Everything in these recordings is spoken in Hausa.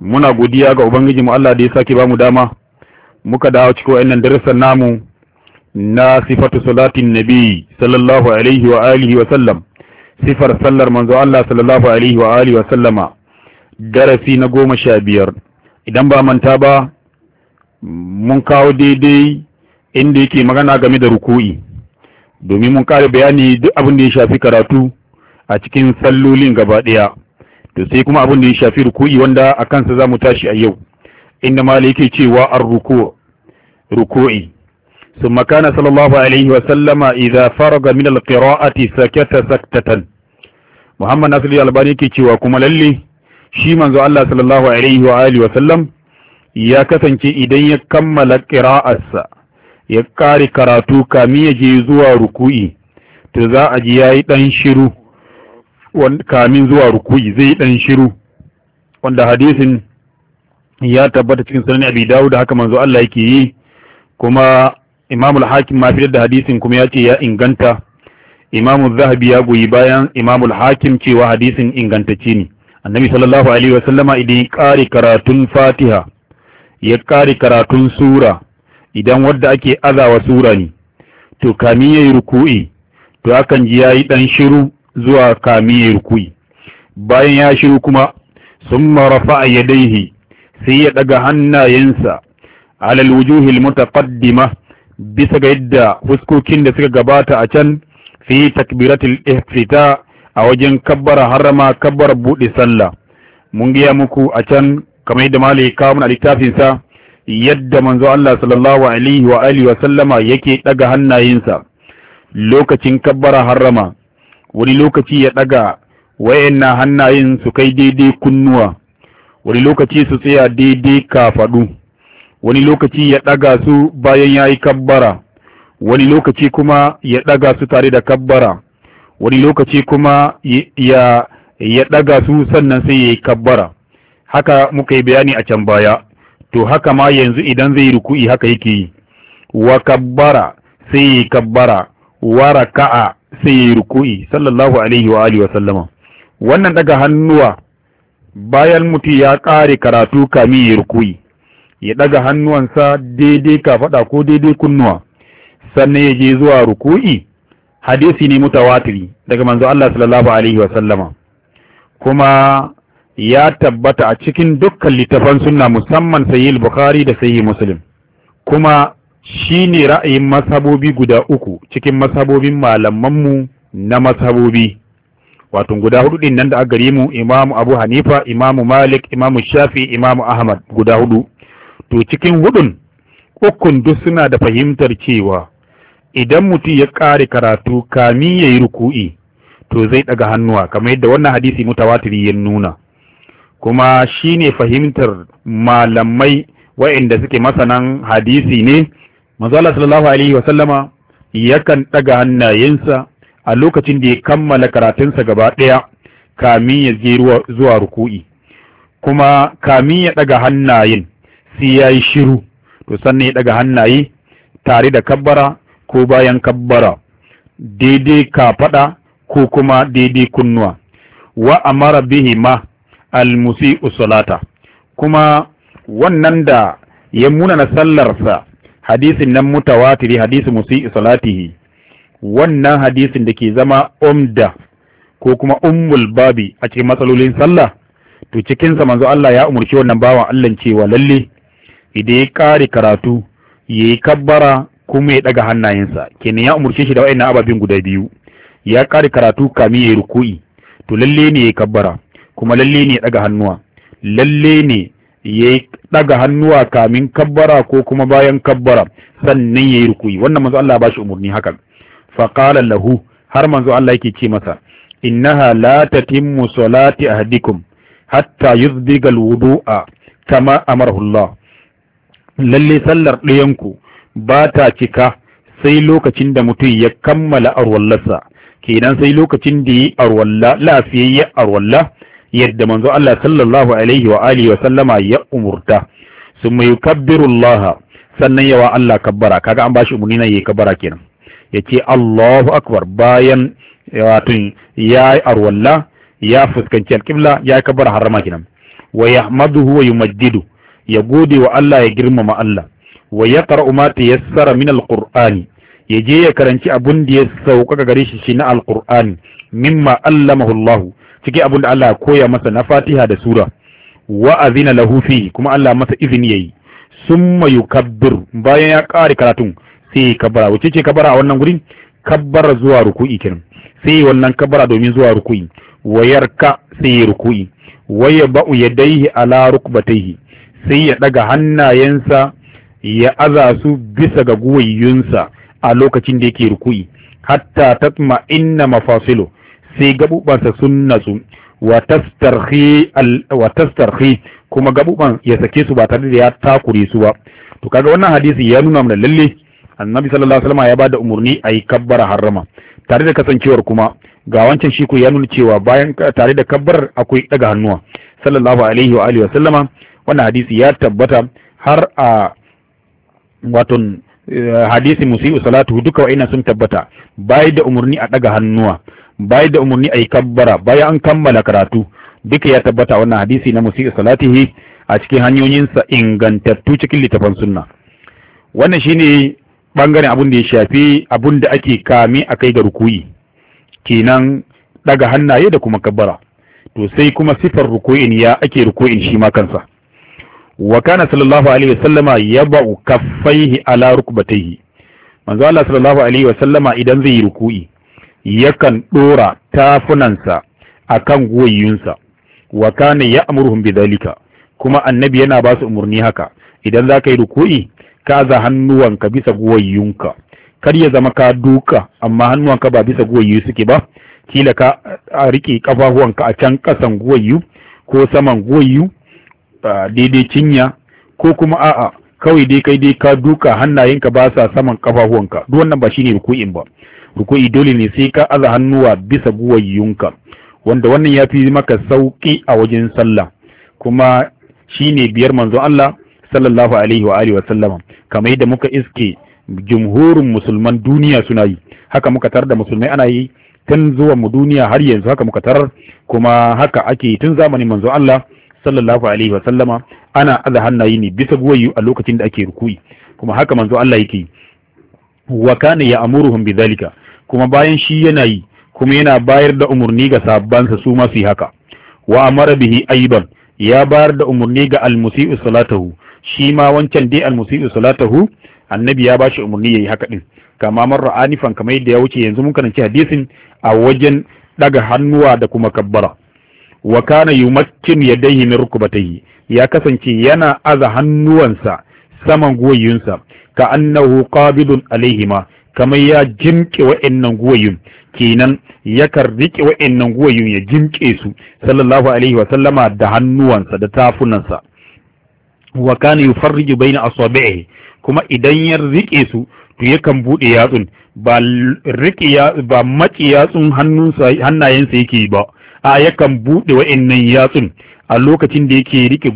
muna godiya ga ubangiji mu Allah da ya sake bamu dama muka dawo cikin wannan darasan namu na sifatu salatin nabi sallallahu alaihi wa alihi wa sallam sifar sallar manzo Allah sallallahu alaihi wa alihi wa sallama darasi na goma sha biyar idan ba manta ba mun kawo daidai inda yake magana game da ruku'i domin mun kare bayani duk abin da ya shafi karatu a cikin sallolin gaba ɗaya to sai kuma abin da ya shafi ruku'i wanda a kansa za mu tashi a yau inda mali yake cewa an ruku ruku'i ثم كان صلى الله عليه وسلم إذا فرغ من القراءة سكت سكتة muhammad ناصر الألباني كي cewa kuma lalle shi manzo Allah sallallahu alaihi wa alihi wa sallam ya kasance idan ya kammala qira'arsa ya kare karatu kamin ya je zuwa ruku'i to za a ji yayi dan shiru kamin zuwa ruku'i zai dan shiru wanda hadisin ya tabbata cikin sunan Abi Dawud haka manzo Allah yake yi kuma Imam al-Hakim ma fitar da hadisin kuma ya ce ya inganta Imam zahabi ya goyi bayan Imam al-Hakim cewa hadisin ingantacce ne Annabi sallallahu alaihi wa sallama idan kare karatun Fatiha ya kare karatun sura idan wadda ake azawa sura ne to kamin yayi ruku'i to akan ji yayi dan shiru zuwa kamiyar ya bayan ya shiru kuma sun marafa a yadaihi sai ya daga hannayensa alal wujuhil mutaqaddima bisa ga yadda fuskokin da suka gabata a can fi takbiratul ihfita a wajen kabbara harama kabbara buɗe sallah mun gaya muku a can kamar yadda malai kawo a littafinsa yadda manzo Allah sallallahu alaihi wa alihi wa sallama yake daga hannayensa lokacin kabbara harrama wani lokaci ya ɗaga na hannayen su kai daidai kunnuwa wani lokaci su tsaya daidai kafaɗu wani lokaci ya ɗaga su bayan ya yi kabbara wani lokaci kuma ya ɗaga su tare da kabbara wani lokaci kuma ya ya ɗaga su sannan sai ya yi kabbara haka muka yi bayani a can baya to haka ma yanzu idan zai ruku'i haka yake yi wa kabbara sai ya yi kabbara wa raka'a sai yi ruku'i sallallahu alaihi wa alihi wa wannan daga hannuwa bayan mutu ya kare karatu kamin yayi rukuni. ya daga hannuwansa daidai kafaɗa ko daidai kunnuwa sannan ya je zuwa rukuni, hadisi ne mutawatiri daga manzo Allah sallallahu alaihi wa sallama kuma ya tabbata a cikin dukkan littafan sunna musamman sahih bukhari da sahih muslim kuma shi ne ra'ayin masabobi guda uku cikin masabobin malamanmu na masabobi wato guda hudu din nan da aka gare mu imamu abu hanifa imamu malik imamu shafi imamu ahmad guda hudu to cikin hudun ukun duk suna da fahimtar cewa idan mutum ya ƙare karatu kami ya yi ruku'i to zai ɗaga hannuwa kamar yadda wannan hadisi mutawatiri ya nuna kuma shi ne fahimtar malamai wa'inda suke masanan hadisi ne manzo sallallahu alaihi wa sallama yakan ɗaga hannayensa a lokacin da ya kammala karatunsa gaba ɗaya kamin ya je zuwa ruku'i kuma kamin ya ɗaga hannayen sai ya yi shiru to sannan ya ɗaga hannaye tare da kabbara ko bayan kabbara daidai kafaɗa ko kuma daidai kunnuwa wa amara bihi ma almusi'u salata kuma wannan da ya muna munana sallarsa hadisin nan mutawatiri hadisi musi'i salatihi wannan hadisin da ke zama umda ko kuma ummul babi a cikin matsalolin sallah to cikin sa manzo Allah ya umurci wannan bawan Allah cewa lalle idan ya kare karatu yayi kabbara kuma ya daga hannayensa kenan ya umurce shi da wayannan ababin guda biyu ya kare karatu kamin yayi ruku'i to lalle ne yayi kabbara kuma lalle ne ya daga hannuwa lalle ne yayi ɗaga hannuwa kamin kabbara ko kuma bayan kabbara sannan yayi rukuyi wannan manzo Allah ba shi umurni hakan fa qala lahu har manzo Allah yake ce masa innaha la tatimmu salati ahdikum hatta yuzdiga alwudu'a kama amarahu Allah lalle sallar ɗayanku ba ta cika sai lokacin da mutum ya kammala arwallarsa kenan sai lokacin da yi arwalla lafiyayye arwalla yadda manzo Allah sallallahu alaihi wa alihi wa sallama ya umurta summa yukabbiru Allah sannan yawa Allah kabbara kaga an bashi umurni nan yayi kabbara kenan yace Allahu akbar bayan wato yayi arwalla ya fuskanci alqibla ya kabbara harama kenan wa yahmaduhu wa yumajjidu ya gode wa Allah ya girmama Allah wa yaqra'u ma tayassara min alqur'ani ya je ya karanci abun da ya sauƙaƙa gare shi shi na alƙur'ani mimma allamahu Allah Cikin abin da Allah ya koya masa na Fatiha da sura wa azina lahu fi kuma Allah masa izini yayi summa yukabbir bayan ya kare karatun sai kabara wace ce kabara a wannan gurin kabbara zuwa ruku'i kenan sai wannan kabara domin zuwa ruku'i wayarka sai ruku'i waya ba'u yadaihi ala rukbatayhi sai ya daga hannayensa ya aza su bisa ga guwayyunsa a lokacin da yake ruku'i hatta tatma inna mafasilu sai gabubansa sun natsu wa tastarhi kuma gabuban ya sake su ba tare da ya takure su ba to kaga wannan hadisi ya nuna mana lalle annabi sallallahu alaihi wasallam ya bada umurni yi kabbara harrama tare da kasancewar kuma ga wancan shi ku ya nuna cewa bayan tare da kabbar akwai daga hannuwa sallallahu alaihi wa alihi wa wannan hadisi ya tabbata har a wato eh, hadisi musiu salatu duka wa'ina sun tabbata bai da umurni a daga hannuwa bai da umarni a yi kabbara bayan an kammala karatu duka ya tabbata wannan hadisi na musi salatihi a cikin hanyoyinsa ingantattu cikin littafan sunna wannan shine bangaren abin da ya shafi abin da ake kame a kai ga rukuyi kenan daga hannaye da kuma kabbara to sai kuma sifar rukuyin ya ake rukuyin shi ma kansa wa kana sallallahu alaihi wasallama yaba'u kaffaihi ala rukbatayhi manzo Allah sallallahu alaihi wasallama idan zai yi rukuyi yakan ɗora tafunansa a kan goyiyunsa wa kana ya amurhum bidalika kuma annabi yana ba su umarni haka idan za ka yi ruku'i ka za hannuwanka bisa goyiyunka kar ya zama ka duka amma hannuwanka ba bisa goyiyu suke ba kila ka a riƙe kafafuwanka a can ƙasan goyiyu ko saman goyiyu daidai cinya ko kuma a'a kawai dai kai dai ka duka hannayenka ba sa saman kafafuwanka duk wannan ba shine ruku'in ba rukui dole ne sai ka aza hannuwa bisa guwayyunka wanda wannan ya fi maka sauki a wajen sallah kuma shine biyar manzon Allah sallallahu alaihi wa alihi wa sallama kamar yadda muka iske jumhurin musulman duniya suna yi haka muka tar da musulmai ana yi tun zuwa mu duniya har yanzu haka muka tarar kuma haka ake tun zamanin manzon Allah sallallahu alaihi wa sallama ana aza hannaye ne bisa guwayu a lokacin da ake rukui kuma haka manzo Allah yake wa kana ya'muruhum bidhalika kuma bayan shi yana yi kuma yana bayar da umarni ga sabbansa su ma su haka wa amara bihi aiban ya bayar da umarni ga almusi'u salatahu shi ma wancan dai almusi'u salatahu annabi ya bashi umarni yayi haka din kama marra anifan kamar yadda ya wuce yanzu mun karanci hadisin a wajen daga hannuwa da kuma kabbara wa kana yumakkin yadayhi min rukbatayhi ya kasance yana aza hannuwansa saman gwiwunsa ka annahu qabidun alaihima kamar ya jimke wa'annan guwayun kenan yakan rike wa'annan guwayun ya jimke su sallallahu alaihi wa sallama da hannuwansa da tafunansa wa kana yufarriju baina asabi'i kuma idan ya rike su to yakan bude yatsun ba riƙe ya ba maki yatsun hannunsa hannayensa yake ba a yakan bude wa'annan yatsun a lokacin da yake riƙe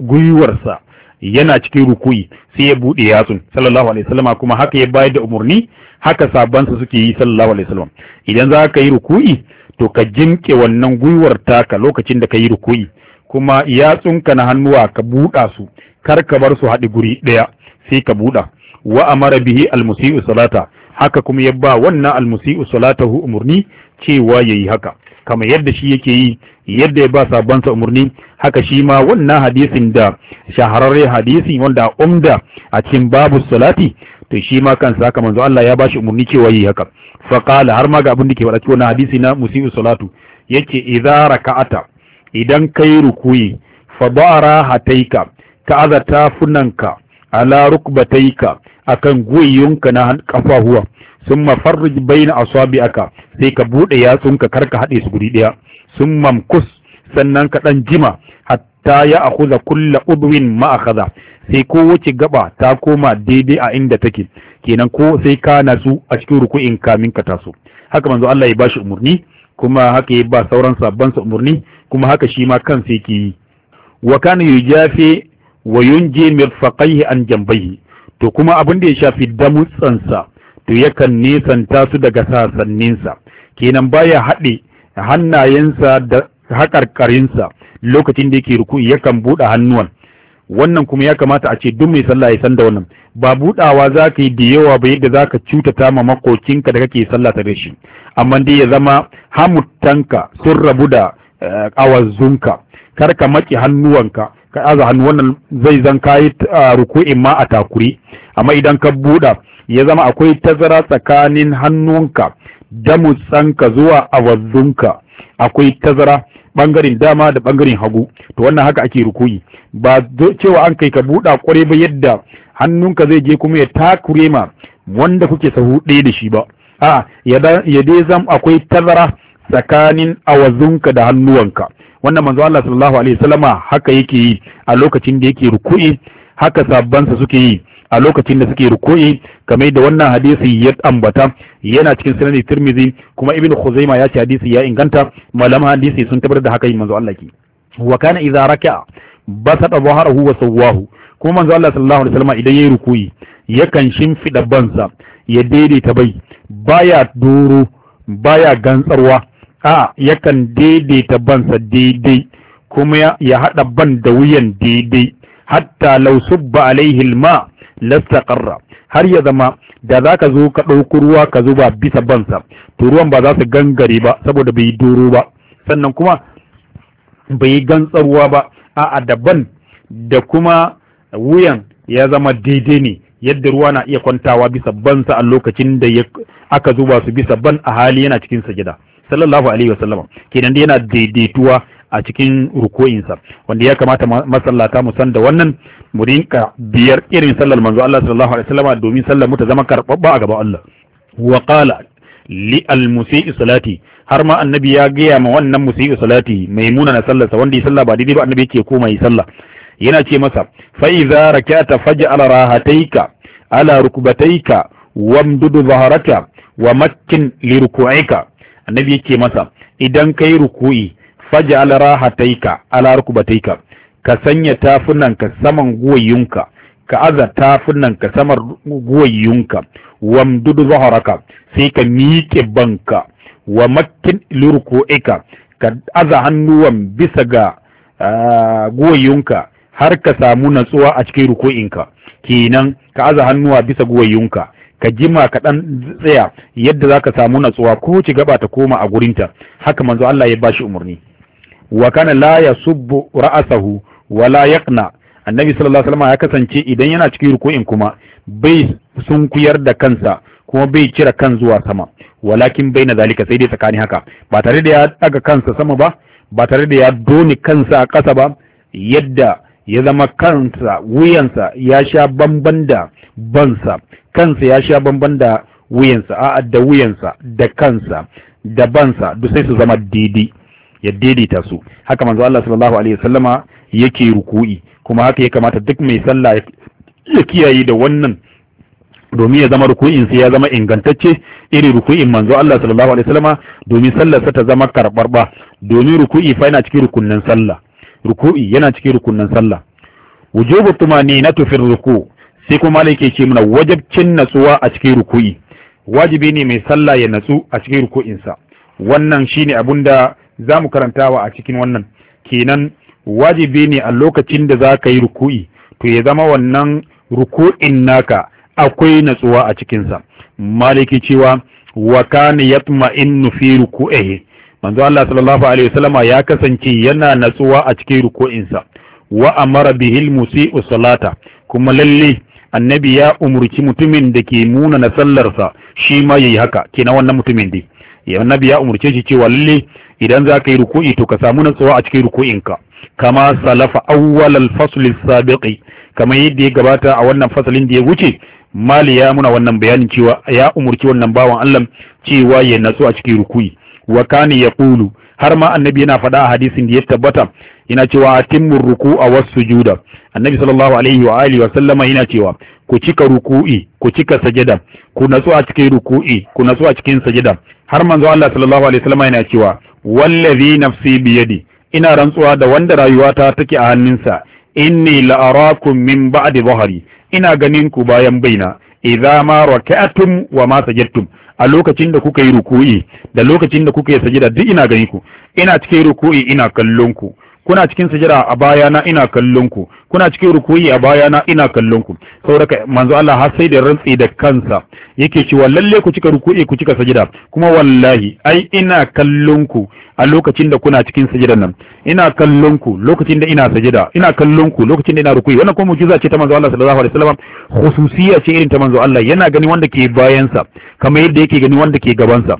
gwiwarsa. yana cikin rukuyi sai ya bude yatsun sallallahu alaihi wasallam kuma haka ya bayar da umurni haka su suke yi sallallahu alaihi wasallam idan za ka yi rukuyi to ka jimke wannan gwiwar taka lokacin da ka yi rukuyi kuma yatsun ka na hannuwa ka buɗa su kar ka bar su haɗi guri ɗaya sai ka buɗa wa amara bihi almusi'u salata haka kuma ya ba wannan almusi'u salatahu umurni cewa yayi haka kamar yadda shi yake yi yadda ya ba sa umarni haka shi ma wannan hadisin da shahararren hadisi wanda umda a cikin babu salati to shi ma kan saka manzo Allah ya bashi umarni cewa yi haka fa qala har ma ga abin da ke faɗa wannan hadisi na musiu salatu yake idza raka'ata idan kai rukuyi fa bara hataika ka azata funanka ala rukbataika akan guyunka na kafahuwa na farruj bayna aka sai ka buɗe yatsunka kar ka haɗe su guri ɗaya sun kus sannan ka ɗan jima hatta ya akhudha kulla udwin ma'akaza sai sai kowace gaba ta koma daidai a inda take kenan ko sai ka su a cikin ruku'in kamin ka taso haka manzo Allah ya bashi umurni kuma haka ya ba sauran sabban sa umurni kuma haka shi ma kansa yake yi wa kana yujafi wa yunji mirfaqaihi an jambai to kuma abin da ya shafi damutsansa to yakan nisanta su daga sasanninsa kenan baya haɗe hannayensa da haƙarƙarinsa lokacin da yake ruku yakan buɗe hannuwan wannan kuma ya kamata a ce duk mai sallah ya san da wannan ba buɗawa za ka yi da yawa ba yadda za ka cutata ma makokinka da kake sallah ta da shi amma dai ya zama hamuttanka sun rabu da eh, awazunka kar ka maki hannuwanka ka aza hannu wannan zai zan kayi eh, ruku'in ma a takuri amma idan ka buɗa ya zama akwai tazara tsakanin hannunka da mutsanka zuwa awazzunka akwai tazara bangaren dama da bangaren hagu to wannan haka ake rukuyi ba cewa an kai ka buɗa ƙware ba yadda hannunka zai je kuma ya takure ma wanda kuke sahu ɗaya da shi ba a ya dai zam akwai tazara tsakanin awazunka da hannuwanka wannan manzo Allah sallallahu alaihi wasallama haka yake yi a lokacin da yake ruku'i haka sabbansa suke yi a lokacin da suke rukoyi kamar da wannan hadisi ya ambata yana cikin sunan Tirmidhi kuma Ibn Khuzaimah ya ce hadisi ya inganta malama hadisi sun tabbatar da haka yin manzo Allah ki wa kana idza raka'a basata dhahrahu wa sawwahu kuma manzo Allah sallallahu alaihi wasallam idan yayi yakan shimfida bansa ya daidaita bai baya doro baya gantsarwa a yakan daidaita bansa daidai kuma ya haɗa ban da wuyan daidai hatta law subba alaihi alma lastaqarra har ya zama da zaka zo ka ɗauko ruwa ka zuba bisa bansa to ruwan ba za su gangare ba saboda bai doro ba sannan kuma bai yi gantsarwa ba a'a daban da kuma wuyan ya zama daidai ne yadda ruwa na iya kwantawa bisa bansa a lokacin da aka zuba su bisa ban a hali yana cikin sajida sallallahu alaihi wasallam kenan yana daidaituwa a cikin rukoyinsa wanda ya kamata masallata mu san da wannan mu rinka biyar irin sallar manzo Allah sallallahu alaihi wasallam domin sallar mu ta zama karɓaɓɓa a gaban Allah wa qala li al musii salati har ma annabi ya gaya ma wannan musii salati maimuna na sallarsa wanda ya salla ba daidai ba annabi yake koma yi sallah yana ce masa fa idza rak'ata faj'al rahataika ala rukbataika wamdudu zaharaka wa makkin li ruku'ika annabi yake masa idan kai ruku'i faj'al taika ala rukbataika ka sanya tafunanka saman guwayunka ka aza tafunanka saman guwayunka wamdud zaharaka sai ka miƙe banka wa makkin lurku'ika ka aza hannuwan bisa ga guwayunka har ka samu natsuwa a cikin ruko'inka, kenan ka aza hannuwa bisa guwayunka ka jima ka dan tsaya yadda za ka samu natsuwa ko ci gaba ta koma a gurinta haka manzo Allah ya bashi umarni wa kana la yasubbu ra'asahu wa la yaqna annabi sallallahu alaihi wasallam ya kasance idan yana cikin ruku'in kuma bai sunkuyar da kansa kuma bai cire kan zuwa sama walakin baina na zalika sai dai tsakani haka ba tare da ya daga kansa sama ba ba tare da ya doni kansa a ƙasa ba yadda ya zama kansa wuyansa ya sha bamban da bansa kansa ya sha bamban da wuyansa a'a da wuyansa da kansa da bansa duk sai su zama daidai ya daidaita su haka manzo Allah sallallahu alaihi wasallama yake ruku'i kuma haka ya kamata duk mai sallah ya kiyaye da wannan domin ya zama ruku'in sai ya zama ingantacce irin ruku'in manzo Allah sallallahu alaihi wasallama domin sallarsa ta zama karbarba domin ruku'i fa yana cikin rukunnan sallah ruku'i yana cikin rukunnan sallah wujubu tumaninatu fi ruku sai kuma malaike ce mana wajibcin natsuwa a cikin ruku'i wajibi ne mai sallah ya natsu a cikin ruku'insa wannan shine abunda. za mu karantawa a cikin wannan kenan wajibi ne a lokacin da za ka yi ruku'i to ya zama wannan ruku'in naka akwai natsuwa a cikinsa maliki cewa wa kana yatma'innu fi ruku'ihi manzo Allah sallallahu alaihi wasallama ya kasance yana natsuwa a cikin ruku'insa wa amara bihil musii'u salata kuma lalle annabi ya umurci mutumin da ke muna na sallarsa shi ma yayi haka kenan wannan mutumin dai annabi ya umurce shi cewa lalle idan za ka yi ruku'i to ka samu natsuwa a cikin ruku'inka kama salafa awwal al-fasl sabiqi kamar yadda ya gabata a wannan fasalin da ya wuce mali ya muna wannan bayanin cewa ya umurci wannan bawan Allah cewa ya natsu a cikin ruku'i wa kana yaqulu har ma annabi yana faɗa a hadisin da ya tabbata yana cewa atimmu ruku'a was sujuda annabi sallallahu alaihi wa alihi wa sallama yana cewa ku cika ruku'i ku cika sajada ku natsu a cikin ruku'i ku natsu a cikin sajada har manzo Allah sallallahu alaihi wa sallama yana cewa wallazi nafsi biyadi ina rantsuwa da wanda rayuwata take a hannunsa inni la'arakum min ba'di dhahri ina ganin ku bayan baina idza ma raka'atum wa ma sajadtum a lokacin da kuka yi ruku'i da lokacin da kuka yi sajida duk ina ganin ku ina cikin ruku'i ina kallon ku kuna cikin sajada a baya na ina kallon ku kuna cikin ruku'i a baya na ina kallon ku saboda manzo Allah har sai da rantsi da kansa yake cewa lalle ku cika ruku'i ku cika sajida kuma wallahi ai ina kallon ku a lokacin da kuna cikin sajidan nan ina kallon ku lokacin da ina sajida ina kallon ku lokacin da ina ruku'i wannan kuma mu'jiza ce ta manzo Allah sallallahu alaihi wasallam khususiyya ce irin ta manzo Allah yana gani wanda ke bayan sa kamar yadda yake gani wanda ke gaban sa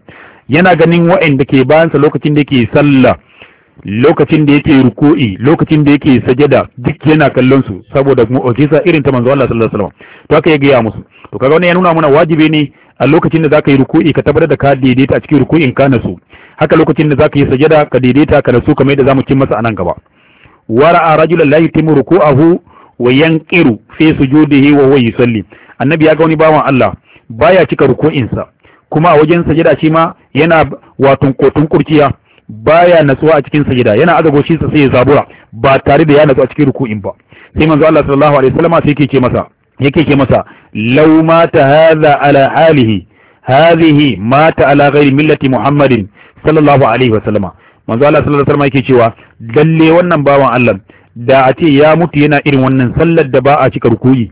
yana ganin wa'anda ke bayan sa lokacin da yake sallah lokacin da yake ruku'i lokacin da yake sajada duk yana kallon su saboda mu'jiza irin ta manzo Allah sallallahu alaihi wasallam to haka ya gaya musu to kaga wannan ya nuna mana wajibi ne a lokacin da zaka yi ruku'i ka tabbatar da ka daidaita a cikin ruku'in ka nasu haka lokacin da zaka yi sajada ka daidaita ka nasu kamar yadda zamu cin masa anan gaba wara'a rajulan la yutimu ruku'ahu wa yanqiru fi sujudihi wa huwa yusalli annabi ya ga wani bawan Allah baya cika sa kuma a wajen sajada shi ma yana watun kotun kurciya baya natsuwa a cikin sajida yana aza goshi sai ya zabura ba tare da ya natsu a cikin ruku'in ba sai manzo Allah sallallahu alaihi wasallam sai yake ce masa yake ce masa law mata hadha ala alihi hadhihi mata ala ghairi millati muhammadin sallallahu alaihi wasallam manzo Allah sallallahu alaihi wasallam yake cewa dalle wannan bawan Allah da a ce ya mutu yana irin wannan sallar da ba a cika rukuyi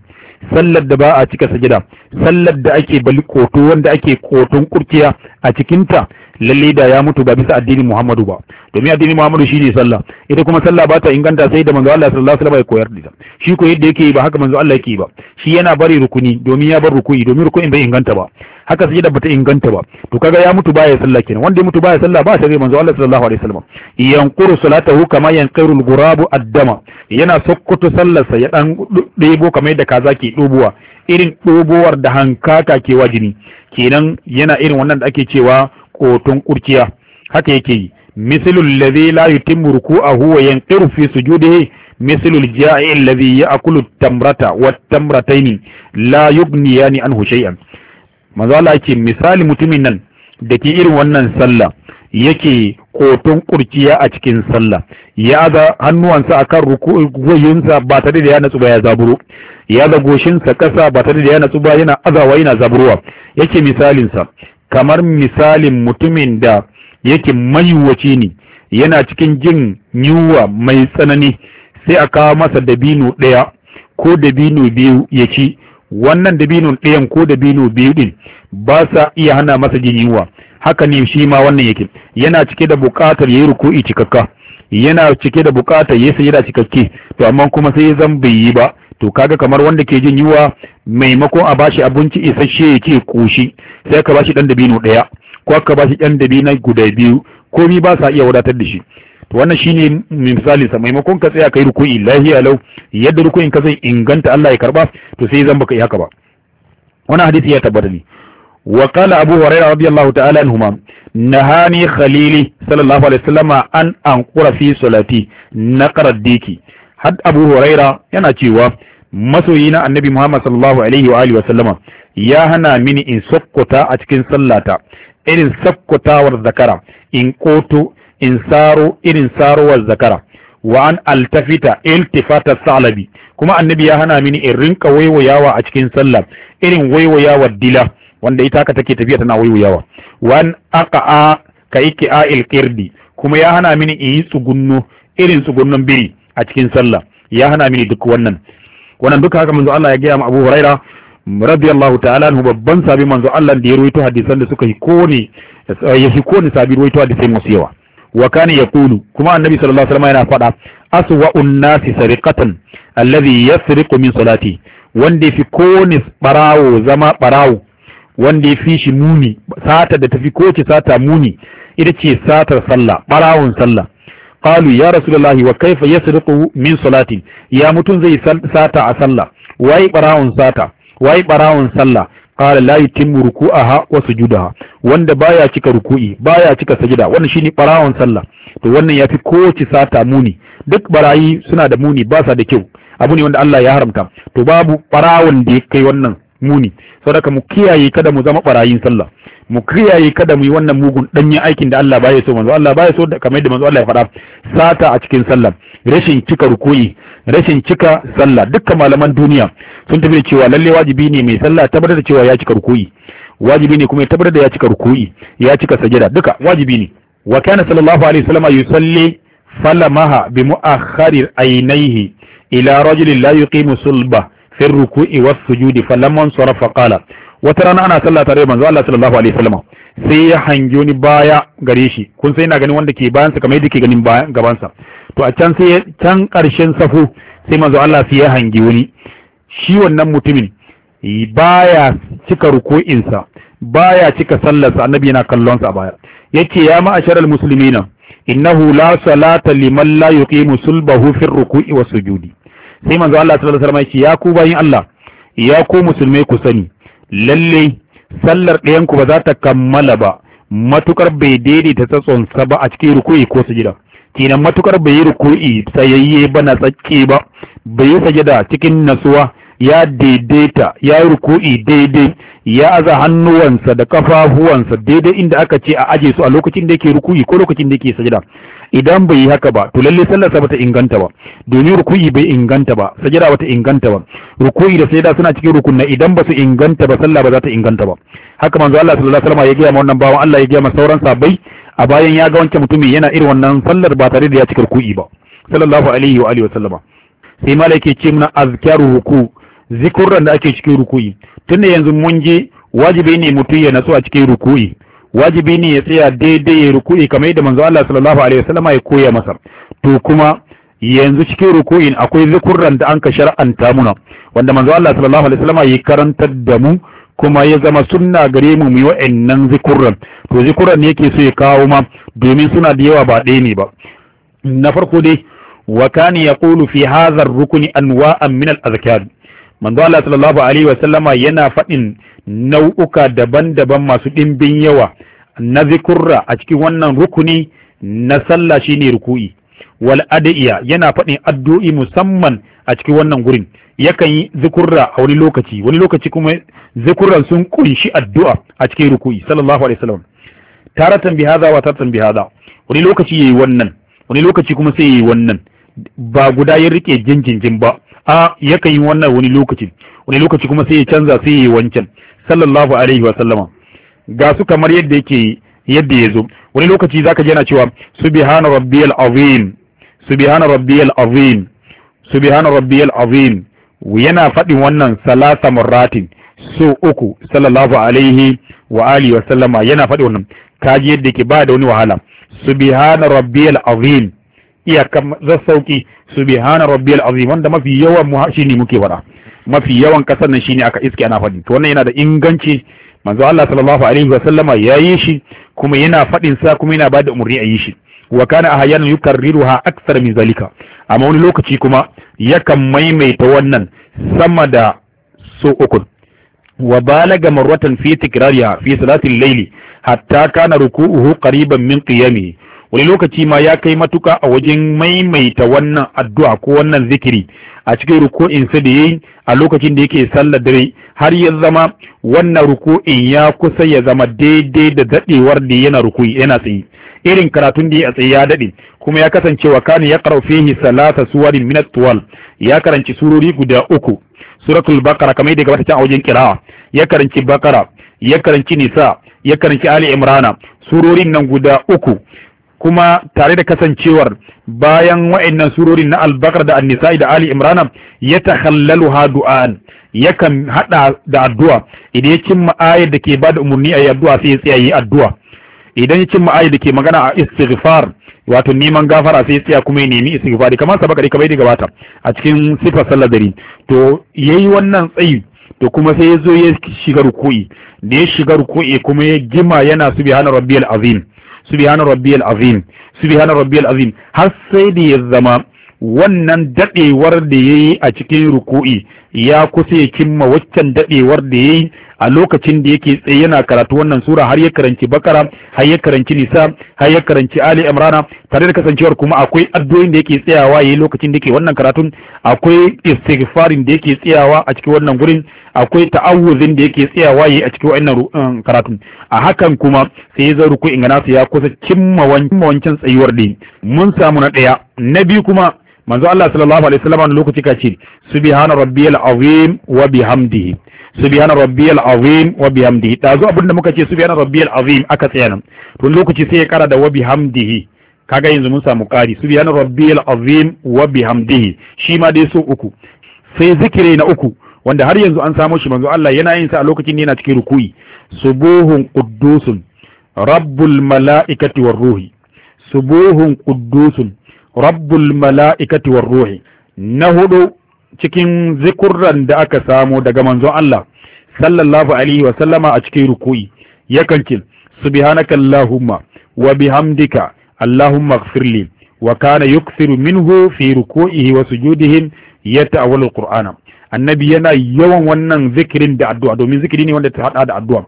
sallar da ba a cika sajida sallar da ake bali koto wanda ake koton kurciya a cikinta lalle da ya mutu ba bisa addinin Muhammadu ba domin addinin Muhammadu shine sallah ita kuma sallah ba ta inganta sai da manzo Allah sallallahu alaihi wasallam ya koyar da shi ko yadda yake ba haka manzo Allah yake ba shi yana bari rukuni domin ya bar rukuni domin rukunin bai inganta ba haka sai da bata inganta ba to kaga ya mutu baya sallah kenan wanda ya mutu baya sallah ba sai manzo Allah sallallahu alaihi wasallam yanquru salatahu kama yanqiru al-ghurabu ad-dama yana sokoto sallarsa ya dan debo kamar yadda kaza ke dobuwa irin dobowar da hankaka ke wajini kenan yana irin wannan da ake cewa ƙoton kurciya haka yake yi mislul ladhi la yutimmu ruku'ahu wa yanqiru fi sujudihi mislul ja'i alladhi ya'kulu tamrata wa tamrataini la yani anhu shay'an manzo Allah yake misali mutumin nan da ke irin wannan sallah yake kotun kurciya a cikin sallah ya ga hannuwansa akan rukuyoyinsa ba ta da ya natsu ba ya zaburo ya ga goshinsa ƙasa ba ta da ya natsu ba yana azawa yana zaburwa. yake misalinsa kamar misalin mutumin da yake mayuwaci ne yana cikin jin yiwuwa mai tsanani sai a kawo masa dabino ɗaya ko dabino biyu ya ci wannan dabino ɗayan ko dabino biyu ɗin ba sa iya hana masa jin yiwuwa haka ne shi ma wannan yake yana cike da buƙatar ya yi ruku'i cikakka yana cike da buƙatar ya yayi da cikakke to amma kuma sai zan bai yi ba to kaga kamar wanda ke jin yiwa maimakon a bashi abinci isasshe ya ke koshi sai ka bashi dan dabino daya ko ka bashi dan dabino guda biyu komi ba sa iya wadatar da shi to wannan shine misali sa maimakon ka tsaya kai ruku'i lahiya alau yadda ruku'in ka zai inganta Allah ya karba to sai zan baka yi haka ba wannan hadisi ya tabbata ne wa qala abu hurairah radiyallahu ta'ala anhuma nahani khalili sallallahu alaihi wasallama an anqura fi salati naqra diki had abu huraira yana cewa masoyi na annabi muhammad sallallahu alaihi wa alihi wa sallama ya hana mini in sokkota a cikin sallata irin sokkotawar zakara in koto in saro irin sarowar zakara wa an altafita iltifata salabi kuma annabi ya hana mini in rinka waiwayawa a cikin sallah irin waiwayawar dila wanda ita ka take tafiya tana waiwayawa wa an aqa'a ka iki'a ilqirdi kuma ya hana mini in yi tsugunno irin tsugunnon biri a cikin sallah ya hana mini duk wannan wannan duka haka manzo Allah ya gaya ma Abu Huraira radiyallahu ta'ala anhu babban sabi manzo Allah da ya ruwaito hadisan da suka hiko ya hiko ne sabi ruwaito masu yawa wa kana yaqulu kuma annabi sallallahu alaihi wasallam yana faɗa aswa'un nasi sariqatan alladhi yasriqu min salati wanda fi kone barawo zama barawo wanda ya fi shi muni sata da tafi koce sata muni ita ce satar sallah barawon sallah qalu ya rasulullahi wa kaifa yasriqu min salatin ya mutun zai sata a sallah wai barawun sata wai barawun sallah qala la yutimmu ruku'aha wa sujudaha wanda baya cika ruku'i baya cika sajida wannan shine barawun sallah to wannan yafi kowace sata muni duk barayi suna da muni ba sa da kyau abu ne wanda Allah ya haramta to babu barawun da ya kai wannan muni saboda mu kiyaye kada mu zama barayin sallah mu kiyaye kada mu yi wannan mugun danyen aikin da Allah baya so manzo Allah baya so kamar yadda manzo Allah ya faɗa sata a cikin sallah rashin cika rukuyi rashin cika sallah dukkan malaman duniya sun tafi da cewa lalle wajibi ne mai sallah tabbatar da cewa ya cika rukuyi wajibi ne kuma ya tabbatar da ya cika rukuyi ya cika sajada duka wajibi ne wa kana sallallahu alaihi wasallam yusalli falamaha bi mu'akhkharir aynaihi ila rajulin la yuqimu sulba fi ruku'i was sujudi falamma sarafa qala wata rana ana sallah tare da manzo Allah sallallahu alaihi wasallam sai ya hangi wani baya gare shi kun sai ina ganin wanda ke bayan sa kamar yadda ke ganin gaban sa to a can sai can karshen safu sai manzo Allah sai ya hangi wani shi wannan mutumin baya cika ruku'in baya cika sallar sa annabi yana kallon sa baya yace ya ma'asharal muslimina innahu la salata liman la yuqimu sulbahu fi ruku'i was sujudi sai manzo Allah sallallahu alaihi wasallam ya ku bayin Allah ya ku musulmai ku sani lalle sallar ɗayanku ba za ta kammala ba matukar bai daidaita sa ba a cikin ruku'i ko sujida kenan matukar bai yi ruku'i sayayye ba na tsakke ba bai yi sajada cikin nasuwa ya daidaita ya yi ruku'i daidai ya aza hannuwansa da kafafuwansa daidai inda aka ce a aje su a lokacin da yake ruku'i ko lokacin da yake sajada idan bai yi haka ba to lalle sallarsa bata inganta ba domin ruku'i bai inganta ba sajada bata inganta ba ruku'i da sajada suna cikin rukunna idan ba su inganta ba sallah ba za ta inganta ba haka manzo Allah sallallahu alaihi wasallam ya gaya ma wannan bawan Allah ya gaya ma sauran sabai a bayan ya ga wancan mutumin yana irin wannan sallar ba tare da ya cika ruku'i ba sallallahu alaihi wa alihi sallama sai malaike ce mana azkaru ruku' zikurran da ake cikin rukuyi tunda yanzu mun je wajibi ne mutum ya natsu a cikin rukuyi wajibi ne ya tsaya daidai ya rukuyi kamar yadda manzo Allah sallallahu alaihi wasallam ya koya masa to kuma yanzu cikin rukuyin akwai zikurran da anka shar'anta muna wanda manzo Allah sallallahu alaihi wasallam ya karantar da mu kuma ya zama sunna gare mu mu wa'annan zikurran to zikurran ne yake so ya kawo ma domin suna da yawa ba ɗaya ne ba na farko dai wa kana yaqulu fi hadha ar-rukni anwa'an min al azkari manzo Allah sallallahu alaihi wa sallama yana faɗin nau'uka daban-daban masu ɗimbin yawa na zikurra a cikin wannan rukuni na sallah shine ruku'i wal adiya yana faɗin addu'i musamman a cikin wannan gurin yakan yi zikurra a wani lokaci wani lokaci kuma zikurran sun kunshi addu'a a cikin ruku'i sallallahu alaihi wasallam taratan bi hadha wa taratan bi hadha wani lokaci yayi wannan wani lokaci kuma sai yayi wannan ba guda ya rike jinjinjin ba a yakan yi wannan wani lokaci wani lokaci kuma sai ya canza sai ya yi wancan sallallahu alaihi wa sallama ga su kamar yadda yake yadda ya zo wani lokaci zaka ji yana cewa subhana rabbiyal azim subhana rabbiyal azim subhana rabbiyal azim yana faɗin wannan salasa marratin so uku sallallahu alaihi wa alihi wa sallama yana faɗi wannan kaji yadda yake ba da wani wahala subhana rabbiyal azim iyakan zassauki subhana rabbiyal azim wanda mafi yawan mu shine muke fada mafi yawan kasar nan shine aka iske ana fadi to wannan yana da inganci manzo Allah sallallahu alaihi wa ya yayi shi kuma yana fadin sa kuma yana bada umurni a yi shi wa kana ahyanan yukarriruha akthar min zalika amma wani lokaci kuma yakan maimaita wannan sama da so uku wa balaga marwatan fi tikrariha fi salati al-layli hatta kana ruku'uhu qariban min qiyamihi wani lokaci ma ya kai matuka a wajen maimaita wannan addu'a ko wannan zikiri a cikin sa da yayi a lokacin da yake sallar dare har ya zama wannan ruku'in ya kusa ya zama daidai da daɗewar da yana ruku'i yana tsaye irin karatun da ya tsaye ya daɗe kuma ya kasance wa kana ya qara'u fihi salata suwarin min tuwal ya karanci surori guda uku suratul baqara kamar yadda gabata a wajen qira'a ya karanci bakara ya karanci nisa ya karanci ali imrana surorin nan guda uku kuma tare da kasancewar bayan wa'annan surorin na albakar da annisa'i da ali imrana ya takhallalu ha du'an yakan hada da addu'a idan ya cimma ayar da ke bada umarni a yi addu'a sai ya tsaya yi addu'a idan ya cimma ayar da ke magana a istighfar wato neman gafara sai ya tsaya kuma ya nemi istighfar kamar sabaka kamar da gabata a cikin sifar sallar dare to yayi wannan tsayi to kuma sai ya zo ya shiga rukoi da ya shiga ruku'i kuma ya gima yana subhana rabbiyal azim subhana rabbiyal azim subhana rabbiyal azim har sai da ya zama wannan dadewar da yayi a cikin ruku'i ya kusa ya cimma waccan dadewar da yayi a lokacin da yake tsaye yana karatu wannan sura har ya karanci bakara har ya karanci nisa har ya karanci ali imrana tare da kasancewar kuma akwai addu'o'in da yake tsayawa yayi lokacin da yake wannan karatun akwai istighfarin da yake tsayawa a cikin wannan gurin akwai ta'awuzin da yake tsayawa yayi a cikin wannan um, karatun a hakan kuma sai ya zaru ku ingana ya kusa cimma wancan tsayuwar din mun samu na daya na biyu kuma manzo Allah sallallahu alaihi wasallam lokaci kace subhana rabbiyal azim wa bihamdihi subhana rabbiyal azim wa bihamdihi da abinda muka ce subhana rabbiyal azim aka tsaya tun lokaci sai ya kara da wa bihamdihi kaga yanzu mun samu kari subhana rabbiyal azim wa bihamdihi shi ma dai so uku sai zikire na uku wanda har yanzu an samo shi manzo Allah yana yin sa a lokacin ne yana cikin rukuyi subuhun quddusun rabbul mala'ikati war ruhi subuhun quddusun rabbul mala'ikati war ruhi na hudu cikin zikurran da aka samo daga manzon Allah sallallahu alaihi wa sallama a cikin ruku'i yakan ce subhanaka allahumma wa bihamdika allahumma ighfirli wa kana yukthiru minhu fi ruku'ihi wa sujudihi yata'awwalu alqur'ana annabi yana yawan wannan zikirin da addu'a domin zikiri ne wanda ta hada da addu'a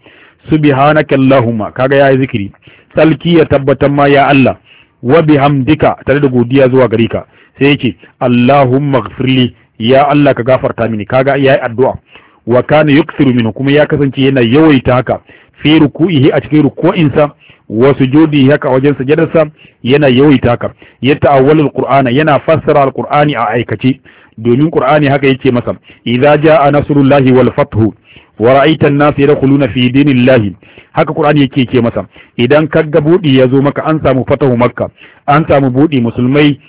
subhanaka allahumma kaga yayi zikiri salki ya tabbatar ma ya Allah wa bihamdika tare da godiya zuwa gare ka sai yake allahumma ighfirli ya Allah ka gafarta mini kaga yayi addu'a wa kana minhu kuma ya kasance yana yawaita haka fi ruku'ihi a cikin ruku'insa wa sujudi haka wajen sajadarsa yana yawaita haka ya ta'awwalul qur'ana yana fassara alqur'ani a aikace domin qur'ani haka yake masa idza jaa nasrullahi wal fathu wa ra'aita an-nas yadkhuluna fi dinillahi haka qur'ani yake yake masa idan kaga budi yazo maka an samu fatahu makka an samu budi musulmai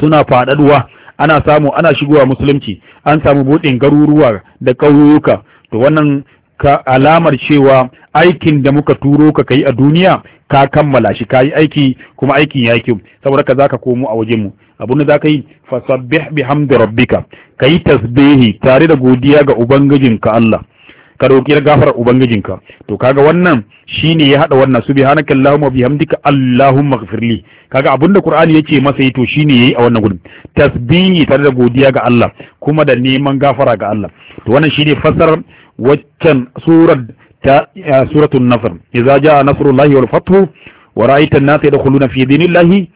suna faɗaɗuwa ana samu ana shigowa musulunci an samu buɗin garuruwa da ƙauyuka to wannan ka alamar cewa aikin da muka turo ka kai a duniya ka kammala shi kayi aiki kuma aikin ya kyau saboda ka zaka komo a wajenmu mu za zaka yi fasabbih bihamdi rabbika kayi tasbihi tare da godiya ga ubangijinka Allah ka roki gafarar ubangijinka to kaga wannan shine ya hada wannan subhanaka allahumma bihamdika allahumma ighfirli kaga abinda qur'ani yace masa yi to shine yayi a wannan gudun tasbihi tare da godiya ga Allah kuma da neman gafara ga Allah to wannan shine fasar waccan surar ta eh, suratul nasr idza jaa nasrullahi wal fathu wa ra'aita an-nasa yadkhuluna fi dinillahi